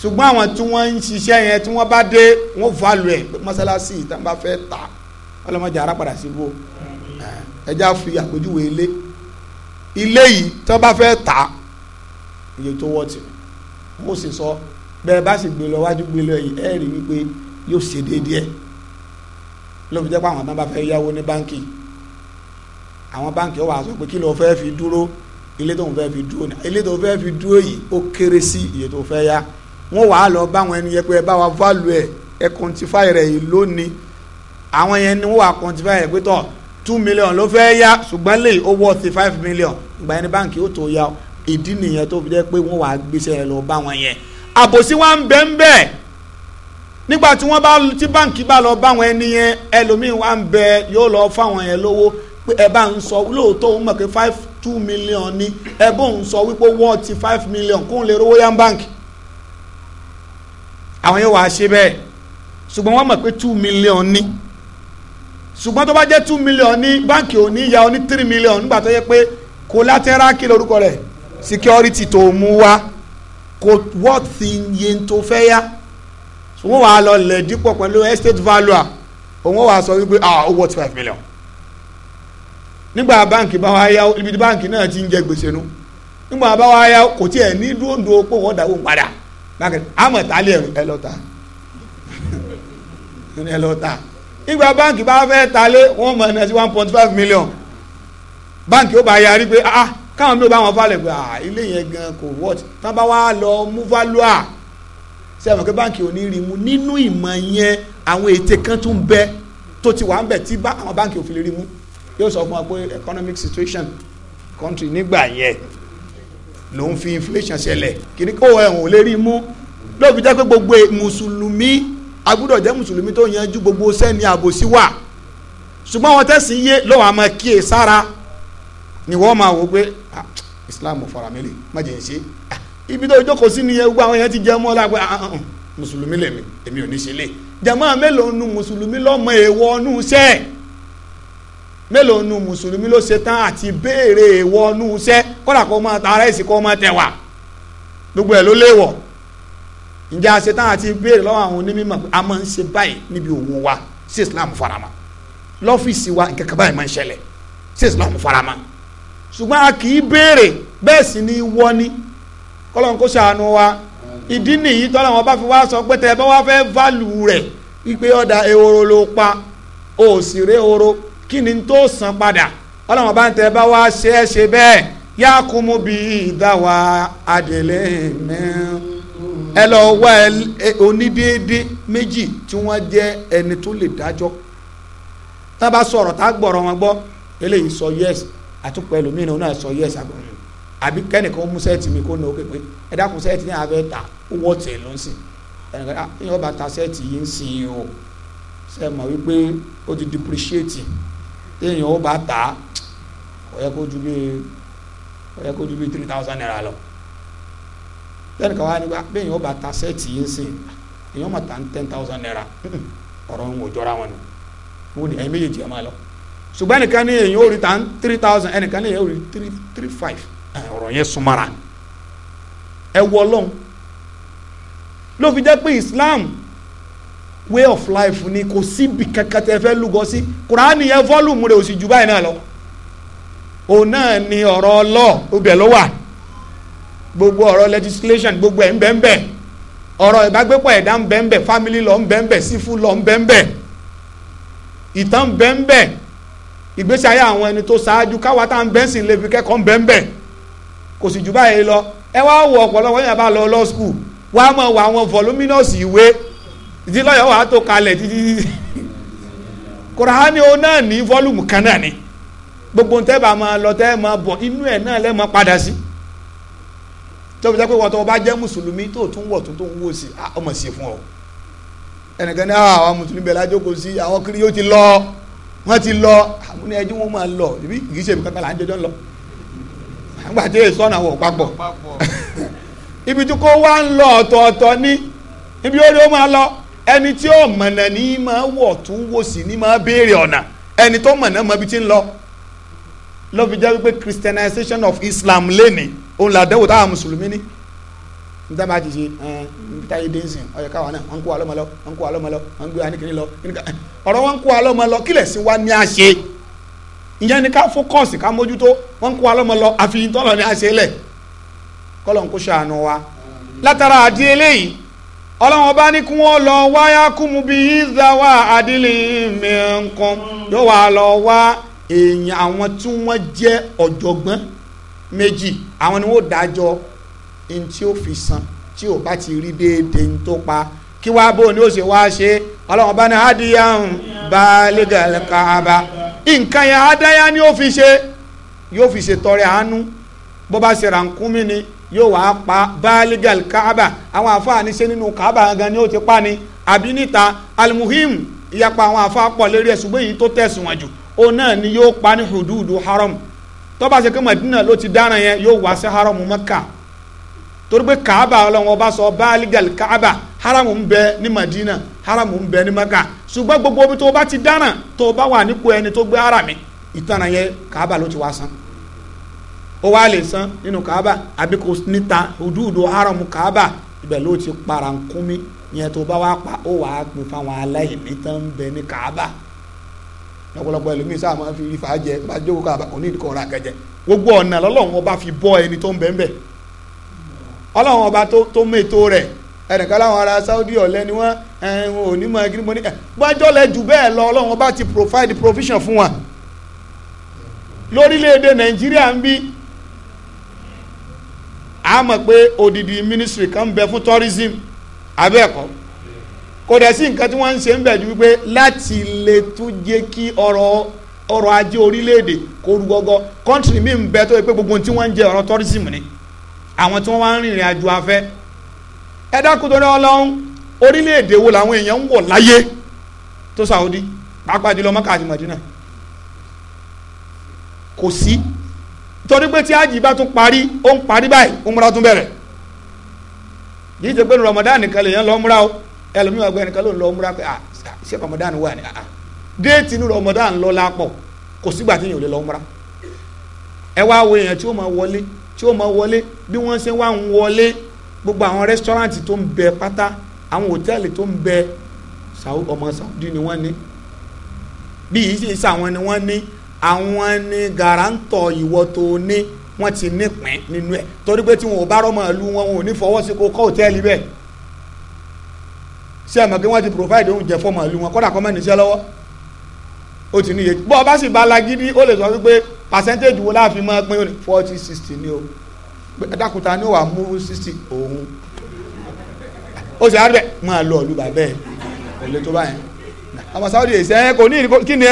ṣùgbọ́n àwọn tí wọ́n ń ṣiṣẹ́ yẹn tí wọ́n bá dé wọ́n value ẹ̀ pé mọ́sálásì tá n bá fẹ́ ta ọlọ́mọdé ara padà sí bó ẹja fi àpèjúwe ilé ilé yìí tí wọ́n bá fẹ́ ta iye tó wọ́ọ̀tì wọ́n sì sọ. So, bẹ́ẹ̀ bá sì gbé lọ wájú gbé lọ yìí ẹ rí wípé yóò ṣe déédéé ló fi jẹ́ pé àwọn bá fẹ́ yáwó ní báńkì àwọn báńkì ó wá sọ pé kí ló fẹ́ fi dúró ilé tó ń fẹ́ fi dúró ilé tó ń fẹ́ fi dúró yìí ó kéré sí iye tó fẹ́ yá wọ́n wàá lọ báwọn ẹni yẹ pé ẹ bá wa value ẹ ẹ quantify rẹ̀ yìí lónìí àwọn yẹn ni wọ́n wàá quantify rẹ̀ pé tọ̀ two million ló fẹ́ yá ṣùgbọ́n lè ó worth five million ìgbà yẹn ní báńkì ó tó yá ìdí nìyẹn tó fi jẹ́ pé wọ́n wàá gbéṣẹ́ lọ báwọn yẹn àbòsí wa ń bẹ ń bẹ nígbà tí wọ́n bá tí báǹkì bá lọ báwọn ẹni yẹn ẹlòmíín wa ń bẹ yóò lọ fáwọn yẹn lówó pé ẹ bá ń sọ lóòótọ́ òun mọ̀ pé five two million ni ẹ bó ń sọ wípé wọ́n ti five million kóun lè rówó yá báǹkì àwọn yóò wá ṣe bẹ́ẹ̀ ṣùgbọ́n wọ́n mọ̀ pé two million ni ṣùgbọ́n tó bá jẹ́ two million ní báǹkì ò ní ya ọ ní three million nígbà tó yẹ pé collateral kí lorúkọ rẹ̀ security tó mú wá kò wọ́ọ̀tì iye tó fẹ́ yá wọ́n wàá lọ lẹ̀ dípọ̀ pẹ̀lú estate value. òun wàá sọ wípé ah ó wọ́ọ̀tì five million nígbà báǹkì bá wá yá ibi báǹkì náà ti ń jẹ gbèsè nu nígbà bá wá yá kò tiẹ̀ ní dúndùn opó wọ́n dàgbò padà báǹkì àmọ̀ tálẹ̀ ẹ lọ ta ẹ lọ ta nígbà báǹkì bá fẹ́ talé wọ́n mọ̀ ẹ̀ náà sí one point five million báǹkì ó bá yarí pé ah, ah káwọn mi ò bá wọn falẹ̀ pé ah, ilé yẹn gan kò wọ́t tán bá wá lọ mú valua sẹ́wọ̀n pé báńkì ò ní rí mú nínú ìmọ̀ yẹn àwọn ète kan tún bẹ tó ti wà ń bẹ tí àwọn báńkì ò fi lè rí mú yóò sọ fún wa pé economic situation country nígbà yẹn ló ń fi inflation ṣẹlẹ̀ kìíní kó ẹ̀hún ò lè rí mú ló fi jẹ́ pé gbogbo e- mùsùlùmí agbúdọ̀ jẹ́ mùsùlùmí tó yanjú gbogbo sẹ́ni àbòsí wà ṣùgbọ́n wọn tẹ̀sí yé lọ́wọ́ àmọ́ kíyè sára ni wọ́n máa wò pé ah, islam faramẹ́lẹ̀ má jẹ́ ṣe ah, ibi tó jókòó sí nìyẹn gbogbo àwọn yẹn ti jẹ́ mọ́ lápẹ́ ah, mùsùlùmí lèmi èmi ò ní ṣe lè jàmáà mélòó nu mùsùlùmí lọ́mọ èèwọ̀ ọ̀nù sẹ́ẹ̀ mélòó nu mùsùlùmí ló ṣe tán àti béèrè èèwọ̀ ọ̀nù sẹ́ẹ̀ kọ́dà kó máa ta ara ẹ̀sìn kó máa tẹ̀wà gbogbo ẹ̀ ló léèwọ̀ ǹjẹ́ a ṣe tán àti béèrè lọ́wọ́ àwọn onímọ̀ a máa ń ṣe báyìí níbi òun wa sí islam farama lọ́fíìsì wa nǹkan kan báyìí máa ń ṣẹlẹ̀ sí islam farama ṣùgbọ́n a kì í béèrè ni ìwọ ni kọ́lọ́n kó ṣàánú wa ìdí nìyí tọ́lọ́ wọn bá fi wá sọ pé ẹ bá wá fẹ́ válù rẹ̀ wípé ọ̀dà ehoro ló pa o kí ni tó san padà ọlọ́wọ́n bá ń tẹ́ ẹ bá wá ṣe é ṣe bẹ́ẹ̀ yá mú bí ìdáwà ẹ lọ wá onídéédé méjì tí wọ́n jẹ́ ẹni tó lè dájọ́ tá àtúpọ̀ ẹlòmíràn náà sọ yẹ ẹ̀sà gbọ̀n àbí kẹ́nìkan mú sẹ́ẹ̀tì mi kó na ó képe ẹ dákun sẹ́ẹ̀tì náà abẹ́ ta ó wọ́ ló ń sìn ẹnìkan ah yín ta sẹ́ẹ̀tì yìí ń sìn o ṣe mọ̀ wípé ó ti depreciate téèyàn ó bá ta ó yẹ kó ju bí ó yẹ kó ju bí three thousand naira lọ kẹ́nìkan wá nígbà ah, béèyàn ó bá ta sẹ́ẹ̀tì yìí ń sìn èèyàn mọ̀ ta ten thousand naira ọ̀rọ̀ ń wò jọra wọn nù wọ́n ní ẹ̀yin méjèèjì ẹ̀ máa lọ ṣùgbọ́n ẹnìkan ní èyàn ó rí tán three thousand ẹnìkan ní èyàn ó rí three three five ah, ọ̀rọ̀ yẹn súnmọ́ra ẹ wọ ọlọ́run ló fi jẹ́ pé Islam way of life ni kò síbi kankan tẹ́ fẹ́ lúgọ sí kùránì yẹn fọ́lùmù rẹ̀ ò sì jù báyìí náà lọ òun náà ni ọ̀rọ̀ ọlọ́ ibẹ̀ ló wà gbogbo ọ̀rọ̀ legislation gbogbo ẹ̀ ń bẹ́ẹ̀ bẹ́ẹ̀ ọ̀rọ̀ ìbágbépọ̀ ẹ̀dá ń bẹ́ẹ̀ family law ń bẹ́ẹ̀ bẹ́ẹ̀ sífù law ń bẹ́ẹ̀ ìtàn ń bẹ́ẹ̀ ìgbésí ayé àwọn ẹni tó ṣáájú káwa tá à ń bẹ́sìn lè fi kẹ́kọ̀ọ́ ń bẹ́ńbẹ́ kò sì jù báyìí lọ ẹ wá wọ ọ̀pọ̀lọpọ̀ yẹn bá lọ law school wá mọ̀ wọ àwọn voluminous ìwé tí lọ́yọ̀ wàá tó kalẹ̀ títí kòránì ó náà ní volume kan náà ni gbogbo ntẹ́ bá máa lọ tẹ́ máa bọ̀ inú ẹ̀ náà lẹ́ máa padà sí tó fi jẹ́ pé wọ́n tó bá jẹ́ mùsùlùmí tó tún wọ̀ tó tó ń wò sí ah, ọmọ sí fún ọ ẹnìkan ní ah, àwọn mùsùlùmí bẹ̀rẹ̀ ajókòó sí àwọn kiri yóò ti lọ́ọ́ wọ́n ti lọ àmúni ẹjú wọn máa lọ ibi kìí ṣe kankan là ń jọjọ́ lọ àgbà tí èso ọ̀nà wọ̀ papọ̀ ibi tí kò wá ń lọ ọ̀tọ̀ọ̀tọ̀ ní ibi ó ló máa lọ ẹni tí ó mọ̀nà ní máa wọ̀ tún wò sí ní máa béèrè ọ̀nà ẹni tó mọ̀nà mọ̀ ibi tí ń lọ lọ́ọ́ fi jẹ́ wípé christianization of Islam lẹ́ni òun làdẹ́wò táwọn mùsùlùmí ní níta bá ti ṣe ẹn eh, níta yé dẹ́nsìn ọ̀yọ̀ káwọn náà wọ́n ń kó wa lọ́mọ lọ wọ́n ń kó wa lọ́mọ lọ wọ́n ń gbé wa ní kiri lọ ọ̀rọ̀ wọn ń kó wa lọ́mọ lọ kílẹ̀ sí wa ní àṣẹ ìyẹn ni ká fókọ̀sì ká mójútó wọ́n kó wa lọ́mọ lọ àfihàn tọ́lọ̀ ní àṣẹ lẹ̀ kọ́lọ̀ ń kó ṣàánú wa látara àdí eléyìí ọlọ́wọ́n bá ní kí wọ́n lọ wáyà kúmu bí ìzà àdílé mẹ́ǹkan yóò wá lọ wá èèyàn àwọn tí wọ́n jẹ́ ọ̀jọ̀gbọ́n méjì àwọn ni wọ́n dájọ́ n tí ó fi san tí ò bá ti rí déédéé n tó pa kí wàá bò ní òsè wàá ṣe ọlọ́wọ́n bá ní adìyàn baligal kaaba nǹkan yẹn adáyà ni ó fi ṣe yóò fi ṣe tọrẹ àánú bó bá ṣe rànkúnmí ni yóò wàá pa baligal kaaba àwọn àfáàní ṣe nínú kaaba gan ni ó ti pa ni àbí níta alimuhim ìyapa àwọn àfáà pọ̀ lérí ẹ̀ ṣùgbọ́n tó tẹ̀sùn wọn jù òun náà ni yóò pa ní hududu haram tó bá ṣe kí Madina ló ti dáràn yẹn yóò wá sí haram Mẹ́kà torí pé kaaba ọlọ́run b'a sọ baaligal kaaba haramu ń bẹ ní madina haramu ń bẹ ní maka ṣùgbọ́n gbogbo omi tó o bá ti dáràn tó o bá wà nípò ẹni tó gbé harami ìtàn yẹn kaaba ló ti wá san o wá lè san nínú kaaba àbí kò níta ojúùdó haramu kaaba ibẹ̀ ló ti parankumi yẹn tó o bá wá pa ó wàá pin fáwọn aláìní tán ń bẹ ní kaaba kaaba kò ní ìdíkọ̀ ọ̀rọ̀ àgẹ̀jẹ̀ gbogbo ọ̀nà ọlọ́run ọba tó mètò rẹ̀ ẹnìkan láwọn ará Saudi ọ̀lẹ́ ni wọ́n ẹ̀hún onímọ̀ ẹgbẹ́ mọ́ ní ẹ̀ gbọ́jọ́ lẹ jù bẹ́ẹ̀ lọ ọlọ́run ọba ti provide provision fún wa lórílẹ̀‐èdè Nàìjíríà ń bí a mọ̀ pé odidi ministry kan bẹ fún tourism abẹ́ẹ̀kọ́ kò dẹ̀ sí nǹkan tí wọ́n ń ṣe ń bẹ̀ ju wípé láti lè tún jẹ́ kí ọrọ̀ ọrọ̀ ajé orílẹ̀‐èdè kó rú gọ́gọ́ country mi ń bẹ tó yẹ pé gbogbo ohun tí wọ́n ń jẹ ọ̀rọ̀ tourism ni àwọn tí wọ́n wá ń rìnrìn àjò afẹ́ ẹ dákun torí ọlọ́run orílẹ̀-èdè wo làwọn èèyàn ń wọ̀ láyé tó Saudi pàápàá jùlọ Mọ́kà àti Mọ̀dínà kò sí torí pé tí àjì bá tún parí ó ń parí báyìí ó múra tún bẹ̀rẹ̀ yìí ti pé ní Ramadan nìkan lèèyàn lọ múra o ẹlòmíràn ọgbẹ́ nìkan ló ń lọ múra pé ah ṣé Ramadan wà ní ah, ah. déètì ní Ramadan lọ lápọ̀ kò sígbà tí yìí ò lè lọ múra ẹ wá wo èèyàn tí ó máa wọlé tí ó máa wọlé bí wọ́n ṣe wá ń wọlé gbogbo àwọn rẹ́sítọ́rántì tó ń bẹ pátá àwọn hòtẹ́ẹ̀lì tó ń bẹ ọmọ Saudi ni wọ́n ní bí yìí ṣe sàwọn ni wọ́n ní àwọn ni gàrántọ̀ ìwọ tó ní wọ́n ti nípìn nínú ẹ̀ torí pé tí wọn ò bá rọ́mọ ìlú wọn wọn ò ní fọwọ́ sí kó kọ́ hòtẹ́ẹ̀lì bẹ́ẹ̀ ṣé ẹ mọ̀ pé wọ́n ti provide oúnjẹ fọmọ ìlú wọn kọ́dà kọ́ mẹ́rin iṣẹ́ lọ́wọ́ ó ti níye bọ́ ọ bá sì bá lagídí ó lè sọ wípé percentage wo láàfin máa pín ní forty sixty ni o dákúta ni ó wà mú sixty òun ó sì rárẹ̀ máa lọ ọ̀lú bàbẹ́ ẹ̀ kò lè tó báyẹn àwọn sáwọ́dì èsì ẹ̀ kò ní ìdíkò kí ni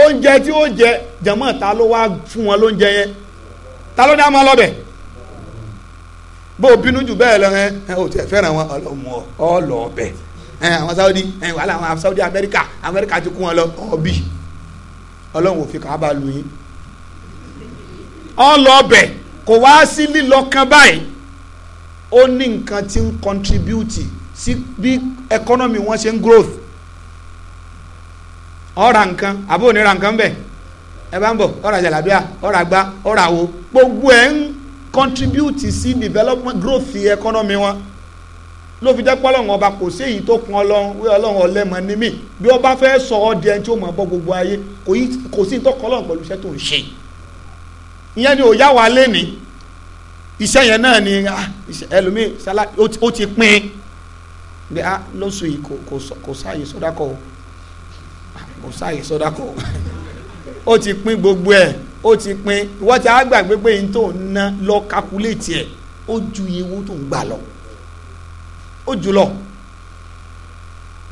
oúnjẹ tí ó jẹ jẹ̀mọ́ ta ló wá fún wọn lóúnjẹ yẹn ta ló ní àmọ́ lọ́bẹ̀ bó o bínú jù bẹ́ẹ̀ lọ ẹ ò tẹ̀ fẹ́ràn wọn ọlọ́ọ̀bẹ̀ Eh, àwọn Saudi eh, wàhálà àwọn Saudi Amẹ́ríkà Amẹ́ríkà ti kún wọn lọ ọ̀bì ọlọ́run òfin kà á bá lu yín ọlọ́ọ̀bẹ̀ kò wá sí lílọ kan báyìí ó ní nǹkan tí ń contribute sí bí economy wọn ṣe ń growth ọ̀rà nǹkan àbí onírà nǹkan bẹ̀ ẹ bá ń bọ̀ ọ̀rà jàlábíà ọ̀rà gbá ọ̀rà wo gbogbo ẹ̀ ń contribute sí development growth economy wọn ló fi jẹ́ pọ́lọ́hún ọba kò sí èyí tó kun ọlọ́run wí ọlọ́run ọlẹ́mọ ní mí bí ọba fẹ́ sọ ọ́ di ẹni tí ó mọ̀ bọ́ gbogbo ayé kò sí tó kọ́lọ́hún pẹ̀lú iṣẹ́ tó ń ṣe ìyẹn ni òyà wa lé ní iṣẹ́ yẹn náà ni ah, ẹlòmíì sálá ó ti pín bí a ah, lóṣù yìí kò sáàyè sọ́dá kò sáàyè sọ́dá ah, ó ti pín gbogbo ẹ̀ ó ti pín ìwọ́n ti á gbàgbé pé yìí tó ń ná lọ kakuléètì o jùlọ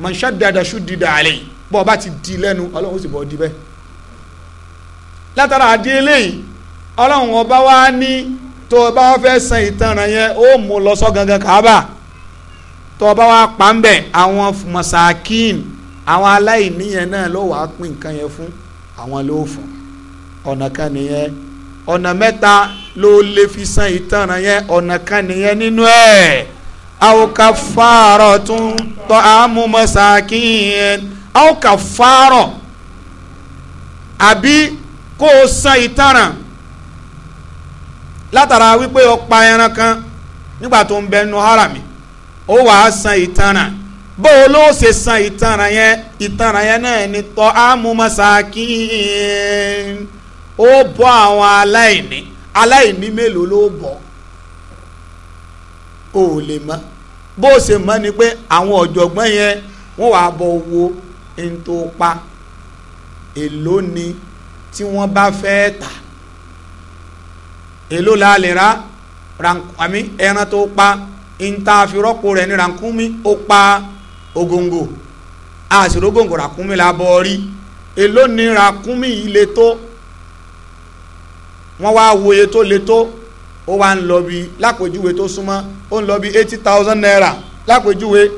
mọ̀nsá dida ale yìí ti di lẹnu ọlọ́run ó sì bọ́ látara ọba wa ní tó o bá san ìtanràn yẹn ó mú gangan tó o wa pa àwọn mọ̀sákìn àwọn aláìní yẹn náà ló wàá pín nǹkan fún àwọn ló fún kan ló lè aw kafaratun ta'amu masakin aw kafara àbí kó o san ìtanràn látara wípé o pa ẹran kan nígbà tó ń bẹ nínú harami ó wàá san ìtanràn bó o ló ṣe san ìtanràn yẹn ìtanràn yẹn náà ni ta'amu masakin ó bọ́ àwọn aláìní aláìní mélòó ló bọ́ o ò lè mọ̀ bó o ṣe mọ̀ ni pé àwọn ọ̀jọ̀gbọ́n yẹn wọ́n wàá bọ̀ wo n tó pa èló ni tí wọ́n bá fẹ́ tà èló la lè ra rankami ẹran tó pa ntaafirọ́pò rẹ̀ ní rankumi ó pa ogongo àṣìrò gòngò rankumi la bọ̀ rí èló ni rankumi yìí le tó wọ́n wá wo tó le tó ó wá ń lọ bí lápèjúwe tó súnmọ́ ó ń lọ bí eighty thousand naira lápèjúwe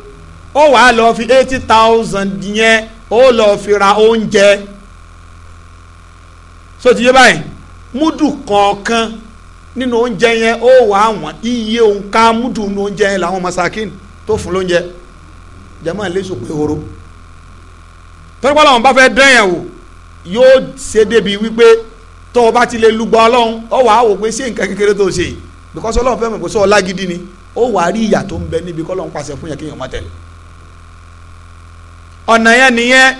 ó wàá lọ fi eighty thousand yẹn ó lọ fi ra oúnjẹ so ti yé báyìí múdù kọ̀ọ̀kan nínú oúnjẹ yẹn ó wàá wọ̀n iye òǹkà múdù nínú oúnjẹ yẹn làwọn masakin tó fún lóúnjẹ jama lẹ́sùn pé horo tọ́lá wọn bá fẹ́ dẹ́yẹ̀ wò yóò ṣe débi wípé tó o bá ti lè lùgbọ́ ọlọ́run ọ wàá wò pé ṣé nǹkan kékeré tó o ṣe because ọlọ́run fẹ́ràn pé sọ gidi ni ó wàá rí ìyà tó ń bẹ níbi kọ́lọ́run pàṣẹ fún yẹn kéèyàn má tẹ̀lé ọ̀nà yẹn nìyẹn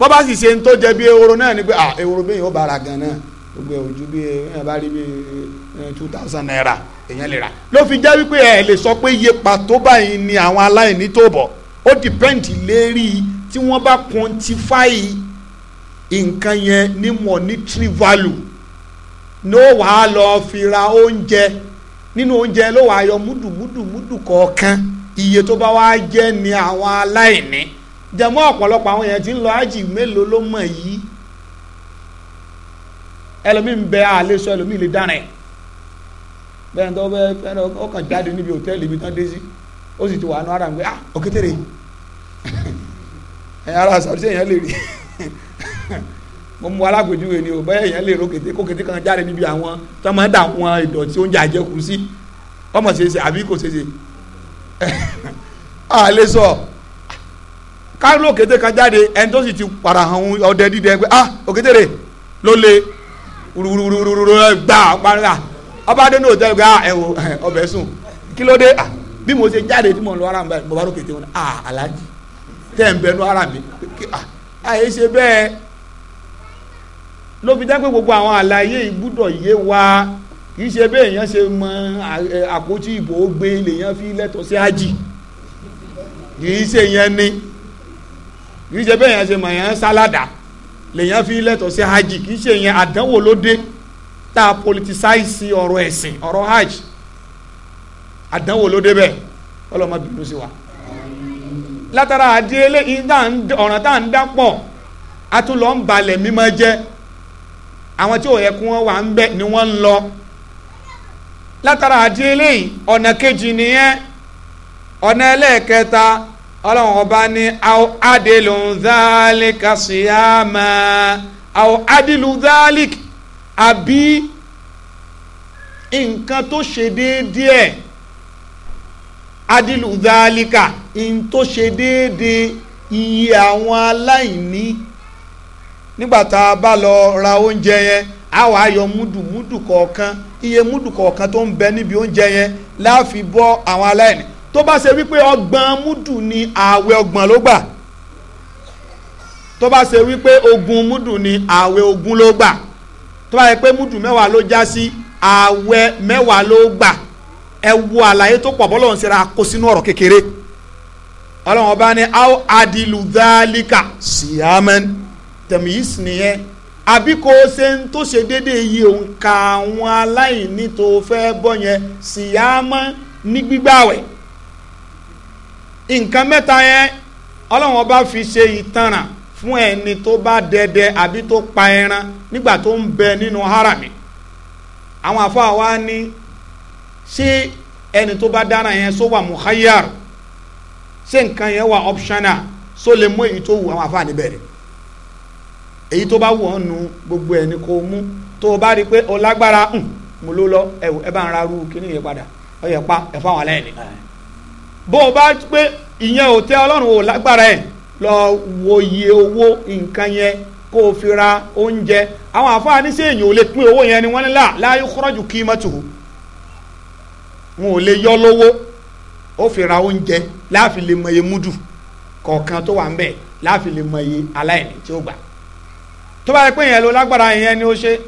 bọ́ bá sì ṣe ń tó jẹ bí ehoro náà ni pé ah ehoro bẹ́ẹ̀ yóò bára gan náà gbogbo ojú bí ẹ̀ bá rí bí two thousand naira èèyàn lè rà ló fi jẹ́ wípé ẹ̀ lè sọ pé iye pàtó báyìí ni àwọn aláìní tó bọ̀ ó dìpẹ́ǹtì lérí tí wọ́n bá quantify nǹkan yẹn ní monetary value ló wà á lọ fi ra oúnjẹ nínú oúnjẹ ló wà á yọ múdù kọ̀ọ̀kan iye tó bá wá jẹ́ ni àwọn aláìní jẹmọ́ ọ̀pọ̀lọpọ̀ àwọn èèyàn ti ń lọ ájì mélòó ló mọ̀ yìí ẹlòmíín bẹ àlè sọ ẹlòmíín lè dára ẹ̀ bẹ́ẹ̀ ni tó bẹ́ẹ̀ fẹ́ẹ́ ọkàn jáde níbi hòtẹ́ẹ̀lì ibi tán dé sí ó sì ti wà á nu ara mi ah òkété rèé ẹ̀yin ara sọ̀rọ̀ sí èèyàn lè rí mo mú alágbèjúwe ni o bẹ́ẹ̀ yẹn lè ro kété kó kété kan jáde níbi àwọn tó máa ń dà wọn ìdọ̀tí oúnjẹ àjẹkù sí ọmọ ṣeéṣe àbí kò ṣeéṣe a lè sọ káró kété kan jáde ẹni tó sì ti para hàn ohun ọdẹ dídẹ pé ah òkété rè ló lè rúrúrúrúrú gbà pará ah, ọba dé ní òtẹ́ gbà ah, ẹ wo ọbẹ̀ sùn kí ló dé ah, bí mo ṣe jáde tí mo lọ ara mi bá rò kété wọn ah aláàjì tẹ́ ń bẹnu ara ló fi jẹ́ gbogbo àwọn àlàyé ìgbúdọ̀ yé wa kì í ṣe bẹ́ẹ̀ ṣe mọ àpótí ìbò gbé lèèyàn fi lẹ́tọ̀ọ́ sí ájì kì í ṣe yẹn ni kì í ṣe bẹ́ẹ̀ ṣe mọ èèyàn sálàdà lèèyàn fi lẹ́tọ̀ọ́ sí kì í ṣe yẹn àdánwò ló dé tá a ọ̀rọ̀ hajj àwọn tí ò yẹ kí wọ́n wà ń bẹ̀ ni wọ́n ń lọ látara àti eléyìí ọ̀nà kejì nìyẹn ọ̀nà ẹlẹ́ẹ̀kẹta ọlọ́run ọba ní àwọn adèlùnzálì kàṣíyàmà àwọn adèlùnzálì àbí nǹkan tó ṣe déédéé adèlùnzálì nǹkan tó ṣe déédéé iye àwọn aláìní nígbà tá a bá lọ ra oúnjẹ yẹn a wàá yọ múdù múdù kọ̀ọ̀kan iye múdù kọ̀ọ̀kan tó ń bẹ níbi oúnjẹ yẹn láàfi bọ́ àwọn aláìní tó bá ṣe wípé ọgbọ̀n múdù ni ààwẹ̀ ọgbọ̀n ló gbà tó bá ṣe wípé ogún múdù ni ààwẹ̀ ogún ló gbà tó bá yẹ pé múdù mẹ́wàá ló já sí ààwẹ̀ mẹ́wàá ló gbà ẹ wo àlàyé tó pọ̀ bọ́lọ̀ ṣe ra kó sínú ọ̀rọ̀ kékeré ọlọ́run ọba ni how adilu dhalika siyaman. tẹ̀míyìs nìyẹn àbí kò ṣe ń tó ṣe déédéé iye òǹkà àwọn aláìní tó fẹ́ bọ́ yẹn síyámọ́ ní gbígbàwẹ̀ nǹkan mẹ́ta yẹn ọlọ́run ọba fi ṣe ìtanràn fún ẹni tó bá dẹdẹ àbí tó pa ẹran nígbà tó ń bẹ nínú harami àwọn àfáà wa ní ṣé ẹni tó bá dára yẹn sọ wà muhayyar ṣé nǹkan yẹn wà optional sọ lè mú èyí tó wù àwọn àfáà níbẹ̀ rẹ̀ èyí tó bá wù ọ́ nu gbogbo ẹ̀ ni kò mú tó o bá rí i pé o lágbára ló lọ ẹ bá ń ra arú kíní yẹn padà ọ yẹ pa ẹ fáwọn aláìní. bó o bá pé ìyẹn ò tẹ ọlọ́run ò lágbára ẹ̀ lọ wo iye owó nǹkan yẹn kó o fi ra oúnjẹ àwọn sí owó yẹn ni wọ́n ní là láyé kúrọ́jù kí wọn ò lè yọ lówó ó fi tó bá yẹ pé yẹn lo lágbára yẹn ni ó ṣe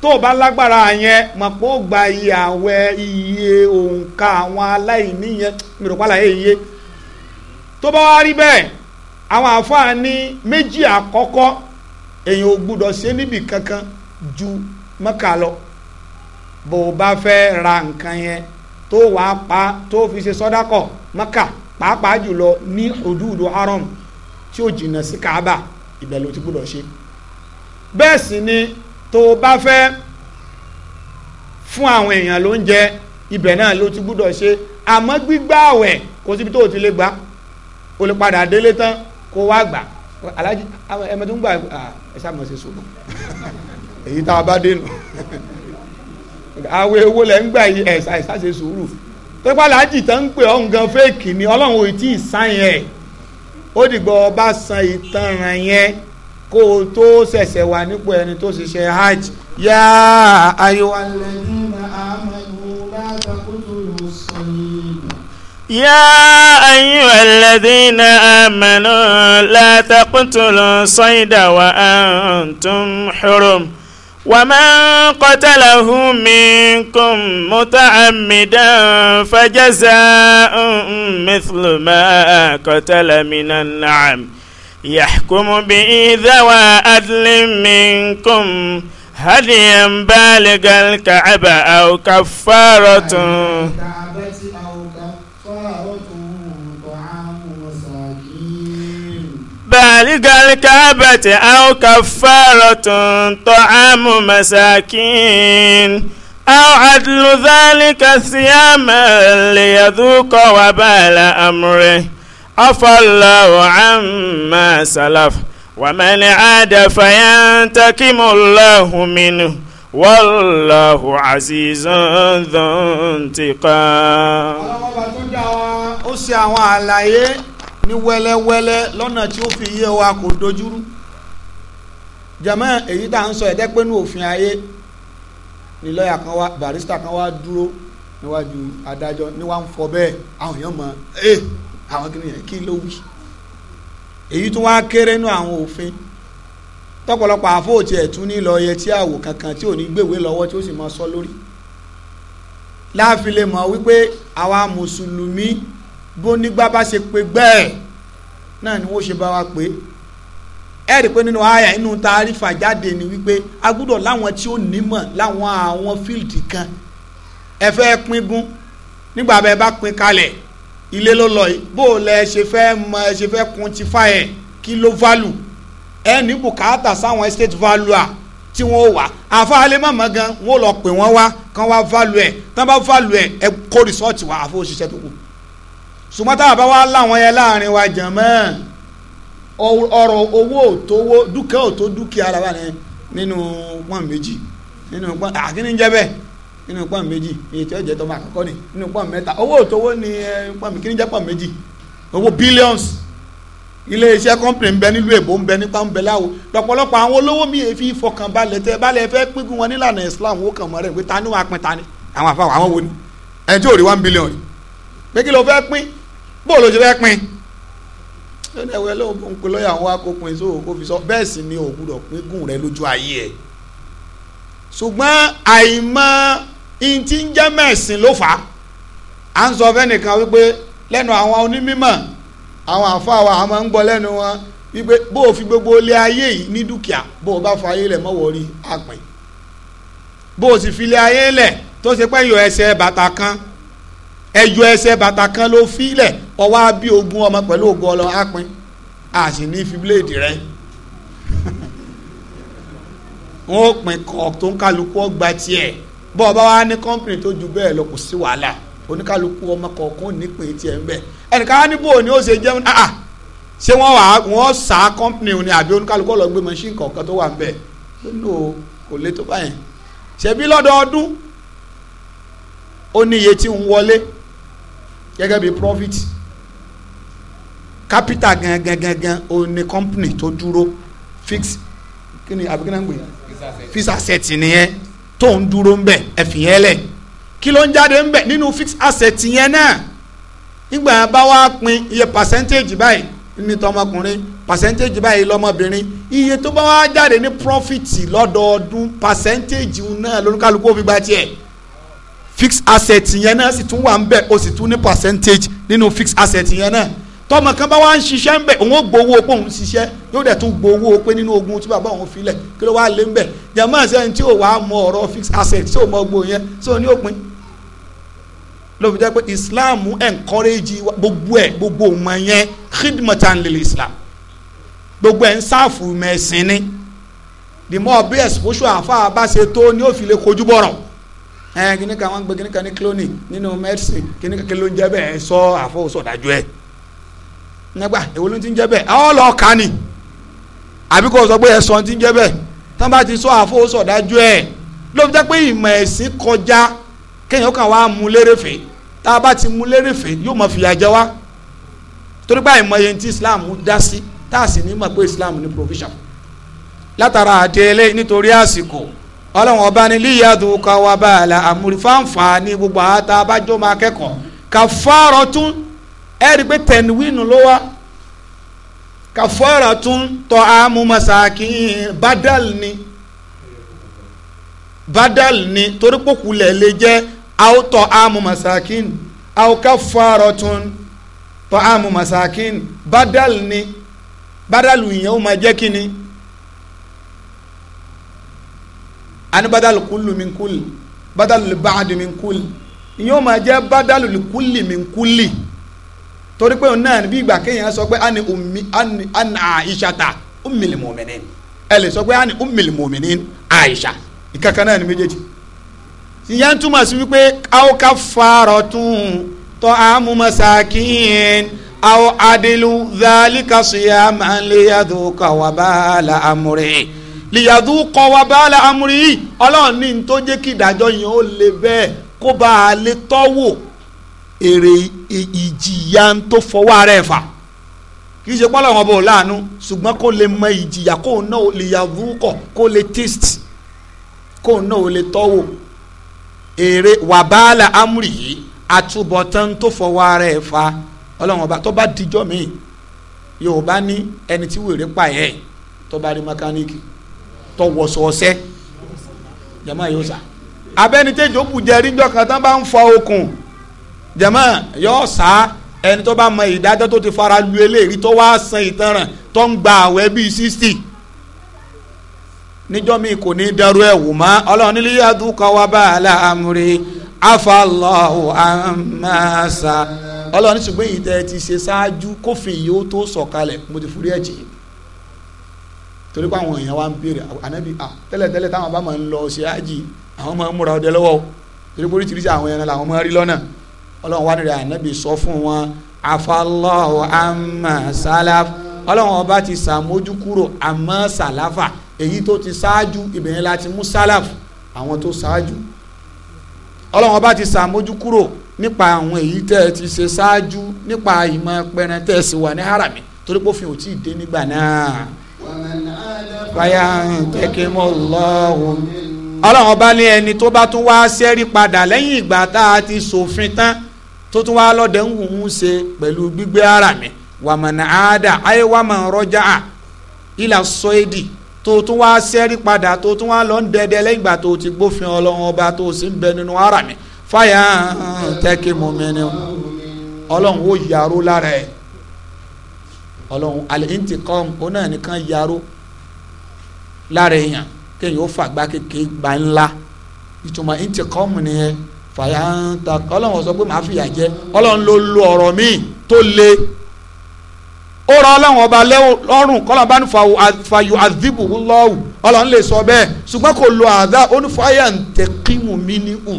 tó o bá lágbára yẹn mọ̀ pé ó gba iye àwẹ̀ iye òǹkà àwọn aláìní yẹn mi rò iye tó bá wá rí bẹ́ẹ̀ àwọn àfáà ní méjì àkọ́kọ́ èyàn ò gbúdọ̀ ṣe níbì kankan ju Mẹ́kà lọ bó o bá fẹ́ ra nǹkan yẹn tó wàá pa tó fi ṣe sọ́dákọ̀ Mẹ́kà pàápàá jùlọ ní hududu haram tí ó jìnnà sí Kaaba ibẹ̀ ti gbúdọ̀ ṣe bẹ́ẹ̀ sì ni tó o bá fẹ́ fún àwọn èèyàn ló ń jẹ ibẹ̀ náà ló ti gbúdọ̀ ṣe àmọ́ gbígbà àwẹ̀ kò síbi tó o ti lè gbà o lè padà délé tán kó o wá gbà alájí ẹmẹ tó ń gbà ẹ sàmọ ṣe sòkò èyí tá a bá dé àwọn ewo lẹ ń gbà yìí ẹ̀sà ẹ̀sà ṣe sùúrù tó alájí tán ń pè ọ́ nǹkan fẹ́ẹ̀kì ni ọlọ́run ò tí ì sàn yẹn ó dìgbà ọba san ìtanràn yẹn kó o tó ṣẹ̀ṣẹ̀ wà nípò ẹni tó ṣiṣẹ́ hajj yá ayọ̀ alladhina
amanu la taqtulu as-sayyid. yá ayọ̀ alladhina amanu la taqtulu as-sayda wa antum hurum. ومن قتله منكم متعمدا فجزاء مثل ما قتل من النعم يحكم به ذوى عدل منكم هديا بالغ الكعبة أو كفارة بالغ الكعبة أو كفارة طعام مساكين أو عدل ذلك صياما ليذوق وبال أمره afallahu amma salaf wa man azizan ọlọ́mọba tó
wa ó ṣe àwọn àlàyé ní wẹ́lẹ́wẹ́lẹ́ lọ́nà tí ó fi yé wa kò dojúrú èyí tá à ń sọ barista kan wá dúró níwájú adájọ́ ń fọ bẹ́ẹ̀ àwọn eh, àwọn kìnìyàn kí ló wí èyí tún wá kéré nú àwọn òfin tọ̀pọ̀lọpọ̀ àfọwọtì ẹtún ní lọ yẹ tí àwò kankan tí ò ní gbèwé lọ́wọ́ tí ó sì máa sọ lórí láàfin lè mọ wípé àwa mùsùlùmí bó nígbà bá ṣe pé gbẹ́ẹ̀ náà ni wọ́n ṣe bá wa pé ẹ rí i pé nínú àyà inú tàrífà jáde ni wípé a gbọ́dọ̀ láwọn tí ó nímọ̀ láwọn àwọn fíìlì kan ẹ fẹ́ pín gún nígbà bẹ́ẹ̀ bá pín kalẹ̀ ilé ló lọ yìí bó o lẹ ṣe fẹ́ mọ ẹ ṣe fẹ́ quantify ẹ̀ kí ló value ẹ ní bùkátà sáwọn estate valuer tí wọ́n wà àfáàlẹ́ mọ̀mọ́ gan wọ́n lọ pè wọ́n wá kán wá value ẹ̀ tán bá value ẹ̀ ẹ kó resort wá àfọ òṣìṣẹ́ tó kù sùmọ́tà bàbá wa láwọn yẹn láàrin wa jàmọ́ ọ̀rọ̀ owó òtówó dúkìá òtó dúkìá ara wa nínú pọ́n méjì nínú pọ́n àkíní jẹ́ bẹ́ẹ̀ nínú pọ́n méjì iye tí ó jẹ́ tọ́ba àkọ́kọ́ ni nínú pọ́n mẹ́ta owó òtówó ni pọ́n mi kí ni jẹ́ pọ́n méjì owó billions ilé iṣẹ́ company ń bẹ nílùú èbó ń bẹ nípa ń bẹ láwo lọ́pọ̀lọpọ̀ àwọn olówó mi èéfi ìfọkànbalẹ̀ tẹ balẹ̀ fẹ́ pínpín wọn nílànà Islam ó kàn mọ́ rẹ̀ pé ta ni wàá pín ta ni àwọn àfàwọ̀ àwọn wo ni ẹni tí ò rí one billion pé kí ló fẹ́ pín bó ló ṣe fẹ́ pín lónìí ẹ̀wẹ̀ ló ń pe lọ́yà wọn kó pin sóò kó fi sọ bẹ́ẹ̀ sì ni òògùn rẹ̀ pín gùn rẹ̀ lójú ayé ẹ̀ ṣùgbọ́n àìmọ́ ìntì ń jẹ́ mẹ́sìn ló fà á à ń sọ fẹ́nìkan wípé lẹ́nu àwọn onímọ̀ àwọn àfa wa àwọn máa ń gbọ́ lẹ́nu wọn wípé bó o fi gbogbo ilé ayé yìí ní dúkìá bó o bá fa ayé lẹ̀ mọ́wọ́ rí àpè bó o sì fi ilé ayé lẹ̀ tó ṣe pé ẹyọ ẹsẹ̀ bàtà kan ẹyọ ẹsẹ̀ bàtà kan ló fi lẹ̀ ọwọ́ abí ogun ọmọ pẹ̀lú ogun ọlọ́ àpín a sì ní fi bíléèdì rẹ wọn ò pin kọ tó ń kálukú ọgbà tiẹ̀ bọ́ ọba wa ní kọ́ńpìnì tó ju bẹ́ẹ̀ lọ kò sí wàhálà oníkálukú ọmọ kọ̀ọ̀kan ò ní pè tiẹ̀ ń bẹ̀ ẹnìkan á ní bò ní ó ṣe jẹun ah, ah. ṣé wọ́n wà wọ́n sá kọ́ńpìnì òní àbí oníkálukú ó lọ gbé machine kọ̀ọ̀kan tó wà ń bẹ̀ lónìí o kò lè tó báyẹn ṣebí lọ́dọọdún ó ní iye tí ń wọlé gẹ́gẹ́ bí profit capital gangan gangan ó ní company tó dúró fix kí ni àbí kí ni à gbé fix asset nìyẹn tó ń dúró ń bẹ̀ ẹ fi yẹn lẹ̀ kí ló ń jáde ń bẹ̀ nínú fixed asset yẹn náà nígbà bá wá pín iye percentage báyìí ní tọmọkùnrin percentage báyìí lọmọbìnrin iye tó bá wá jáde ní profit lọ́dọọdún percentage náà lóníkàlùkù ó fi gba tiẹ̀ fixed asset yẹn náà sì tún wà ń bẹ̀ sì tún ní percentage nínú fixed asset yẹn náà tọmọ kan bá wá ń ṣiṣẹ́ ń bẹ̀ òun ó gbowó pé òun ṣiṣẹ́ yóò dẹ̀ tún gbowó pé nínú ogun tí bàbá òun filẹ̀ kí ló wá lé ń bẹ̀ jẹ̀mọ́ ẹ̀sẹ̀ tí ò wá mọ ọ̀rọ̀ fixed asset tí ò mọ gbogbo yẹn tí ò ní òpin ló fi jẹ́ pé Islam encourage gbogbo ẹ̀ gbogbo ọmọ yẹn khidmatan lil Islam gbogbo ẹ̀ ń sáàfù mẹ́sìn ni the more bí exposure àfa bá ṣe tó ni ó fi lè kojú bọ̀rọ̀ ẹ̀ kíníkà wọn gbé kíníkà ní cloning nínú medicine kíníkà kí ló ń jẹ́ bẹ́ẹ̀ sọ àfọwọ́sọ̀dájú ẹ̀ nígbà èwo ló ti ń jẹ́ bẹ́ẹ̀ ọ́ lọ kà ní àbí kò sọ pé ẹ̀sán ti ń jẹ́ bẹ́ẹ̀ tán bá ti sọ àfọwọ́sọ dájú ẹ̀ ló fi jẹ́ pé ìmọ̀ ẹ̀sìn kọjá kéèyàn kàn wá mú lérèfé tá a bá ti mú lérèfé yóò mọ̀ fìyà jẹ wá torí báyìí mọ eyín Islam dá sí tá a sì ní mọ̀ pé Islam ní provision látara àti eléyìí nítorí àsìkò ọlọ́run ọba ní líyàdùn kọ́wá báàlà àmúrí fáǹfà ní gbogbo àtàbájọ́ máa kẹ́kọ̀ọ́ kàfárọ̀ tún ẹ rí i pé tẹ̀nuwínu ló wá kàfọ́ọ̀rà tún tọ́ àmú masakin badal ni badal ni torí pòkulẹ̀ lè jẹ́ aw tọ́ àmú masakin aw kàfọ́ọ̀rà tún tọ́ àmú masakin badal ni badal yẹn máa jẹ́ kí ni ani badal kullu min kulli badal baadi min kulli yẹn ó máa jẹ́ badal kulli min kulli torí pé òun náà bí ìgbà kéèyàn sọ pé ani umi ani ana aisha ta umil mu'minin ẹ lè sọ pé ani umil mu'minin aisha ìkankan náà ni méjèèjì ìyẹn túmọ̀ sí wípé aw kaffaratun ta'amu masakin aw adilu dhalika siyaman liyadhuqa wabala amri lìyàdú kọ wa báàlà amúrí ọlọ́run ní ní tó jẹ́ kí ìdájọ́ yẹn ó le bẹ́ẹ̀ kó bá tọ́wò èrè ìjìyà tó fọwọ́ ara ẹ̀ fà kì í ṣe pọ́lọ́ wọn bò láàánú ṣùgbọ́n kó lè mọ ìjìyà kó náà lè yà wúkọ̀ kó lè taste kó náà lè tọ́wò èrè wàbálà amúrì yìí àtúbọ̀tán tó fọwọ́ ara ẹ̀ fà ọlọ́wọ́n ọba tó bá dijọ́ mi yorùbá ní ẹni tí wèrè pa ẹ̀ tó bá rí mẹkáníìkì tó wọ̀sọ̀ọ̀sẹ́ jama yóò sà abẹ́ni tẹ́jọ́ bùjẹ́ ríjọ́ kan tán bá ń fọ okùn jama yóò sá ẹni tó bá mọ ìdájọ́ tó ti fara lu eléyìí tó wá san ìtanràn tó ń gba àwẹ̀ bíi sixty níjọ́ mi kò ní dẹrú ẹ̀ wò mọ́ ọlọ́run nílé yàtú kan bá a la amúre afalọ́hù àmàṣà ọlọ́run ṣùgbọ́n èyí tẹ́ ti ṣe ṣáájú kófin yìí ó tó sọ̀kalẹ̀ mo ti fúri ẹ̀jẹ̀ torí pé àwọn èèyàn wa ń béèrè ànábì à tẹ́lẹ̀tẹ́lẹ̀ táwọn bá máa ń lọ ṣe ájì àwọn máa ń múra ọdẹ lọ́wọ́ torí pé oríṣiríṣi àwọn ẹran làwọn máa ń rí lọ́nà ọlọ́run wá nílẹ̀ ànábì sọ fún wọn afallahu amma salaf ọlọ́run ọba ti sàmójúkúrò àmọ́ sàláfà èyí tó ti ṣáájú ìbẹ̀yẹn láti mú sálàf àwọn tó ṣáájú ọlọ́run ọba ti sàmójúkúrò nípa àwọn èyí tẹ́ ẹ ti ṣe ṣáájú nípa ìmọ̀ pẹrẹ tẹ́ ẹ sì wà ní harami torí pé òfin ò tí ì dé nígbà náà. báyà ń kẹ́kẹ́ mọ́ lọ́wọ́ ọba ní ẹni tó bá tún wá ṣẹ́rí padà lẹ́yìn ìgbà tá a ti ṣòfin tán tó tún wá lọ́dẹ̀ ń wù ú ṣe pẹ̀lú gbígbé ara mi wàmọ̀nà àádà ayé wàmọ̀ rọ́jà à ìlà sọ́ẹ́dì tó tún wá sẹ́rí padà tó tún wá lọ́ ń dẹ́dẹ́ lẹ́yìn ìgbà tó ti gbófin ọlọ́run ọba tó sì ń bẹ nínú ara mi fáyà tẹ́kì mú ni ọlọ́run ó yàrá lára ẹ̀ ọlọ́run al-intiqam ó náà nìkan yàrá lára èèyàn kéèyàn ó fàgbà kékeré gbà ńlá ìtumọ̀ intiqam nìyẹn fàyà ń ta ọlọ́run sọ pé màá fìyà jẹ ọlọ́run ló lo ọ̀rọ̀ míì tó le ó ra ọlọ́run ọba lọ́rùn kọ́lá bá ní fàyò àdìbò lọ́wù ọlọ́run lè sọ bẹ́ẹ̀ ṣùgbọ́n kò lo àdá onífàyà ń tẹ kímù mí ní hù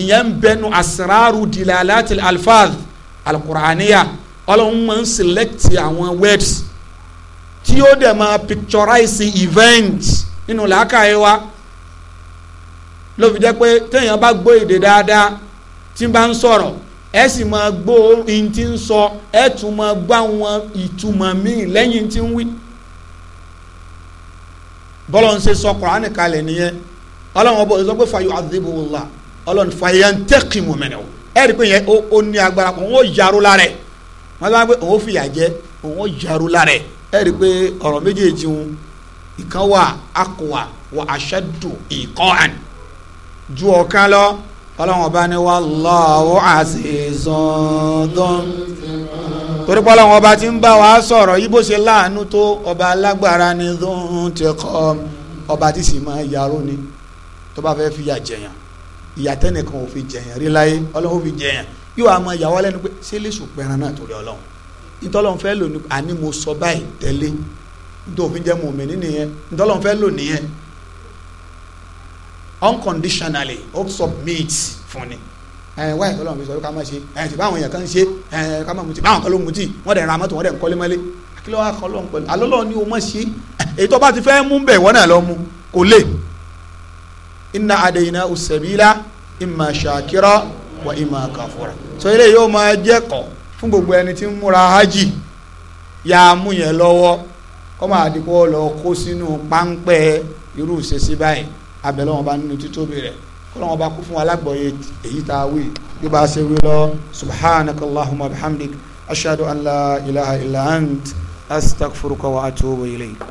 ìyẹn ń bẹnu asraru dilalatil alfaz alukuraniya ọlọ́run máa ń select àwọn words tí ó dẹ̀ máa picturize events. nínú làákàyè wa ló fi jẹ́ pé téèyàn bá gbọ́ èdè dáadáa tí n bá ń sọ̀rọ̀ ẹ sì máa gbọ́ ohun tí ń sọ ẹ tún máa gbọ́ àwọn ìtumọ̀ míì lẹ́yìn tí ń wí bọ́lá ń ṣe sọ Kùránì kalẹ̀ nìyẹn ọlọ́run ọbọ̀ ìsọ pé fàyọ àdébùwòlá ọlọ́run fàyẹ̀ntẹ́kìmù mẹ́nẹ̀ o ẹ rí i pé yẹn ó ní agbára kan ó yarú lára wọ́n bá pé òun fìyà jẹ òun ó yarú lára ẹ rí i pé ọ̀rọ̀ méjèèjì ń ìkan wà akọ̀wà wà aṣẹ́dù ìkọ́ àná ju ọ̀kan lọ ọlọ́run ọba ni wallahu azizun torí
pé ọlọ́run ọba ti ń bá wa
sọ̀rọ̀ yí bó ṣe láàánú tó ọba alágbára ni dhuntiqam ọba tí sì máa yarú ni tó bá fẹ́ fi yà jẹ̀yàn ìyàtẹ́ nìkan ò fi jẹ̀yàn rí láyé ọlọ́run ò fi jẹ̀yàn yóò àmọ́ ìyàwó lẹ́nu pé ṣé lè sùn pẹ́ran náà torí ọlọ́run ìtọ́lọ́run fẹ́ lò ní àní mo sọ báyìí tẹ́lẹ̀ nítorí òfin jẹ́ mọ̀mí nìyẹn fẹ́ lò nìyẹn unconditionally ó submit fún ni eh, ẹ wáyé kọlọ́n fi sọ ká má ṣe ẹ ti báwọn èèyàn kan ṣe ẹ eh, ká má mutí báwọn kan ló mutí wọ́n dẹ̀ ra mọ́tò wọ́n dẹ̀ ń kọ́lé mọ́lé kílọ̀ wá kọlọ́n pẹ̀lú alọ́lọ́ ni o mọ̀ ṣe èyí tó bá ti fẹ́ mú bẹ̀ wọ́n náà lọ mú kò lè inna adayna usabila imma shakira wa imma kafura so ilé yóò máa jẹ́ kọ́ fún gbogbo ẹni tí ń múra hajj yà mú yẹn lọ́wọ́ kọ́ máa lọ kó sínú páńpẹ́ irú ìṣesí báyìí abẹ́lẹ́ wọn bá nínú títóbi rẹ̀ kọ́lọ́ wọn bá kú fún alágbọ̀ọ́yé èyí tá a wí bí bá a ṣe wí lọ subhanakallahumma bihamdik ashhadu an ilaha illa ant astaghfiruka atubu ilayk.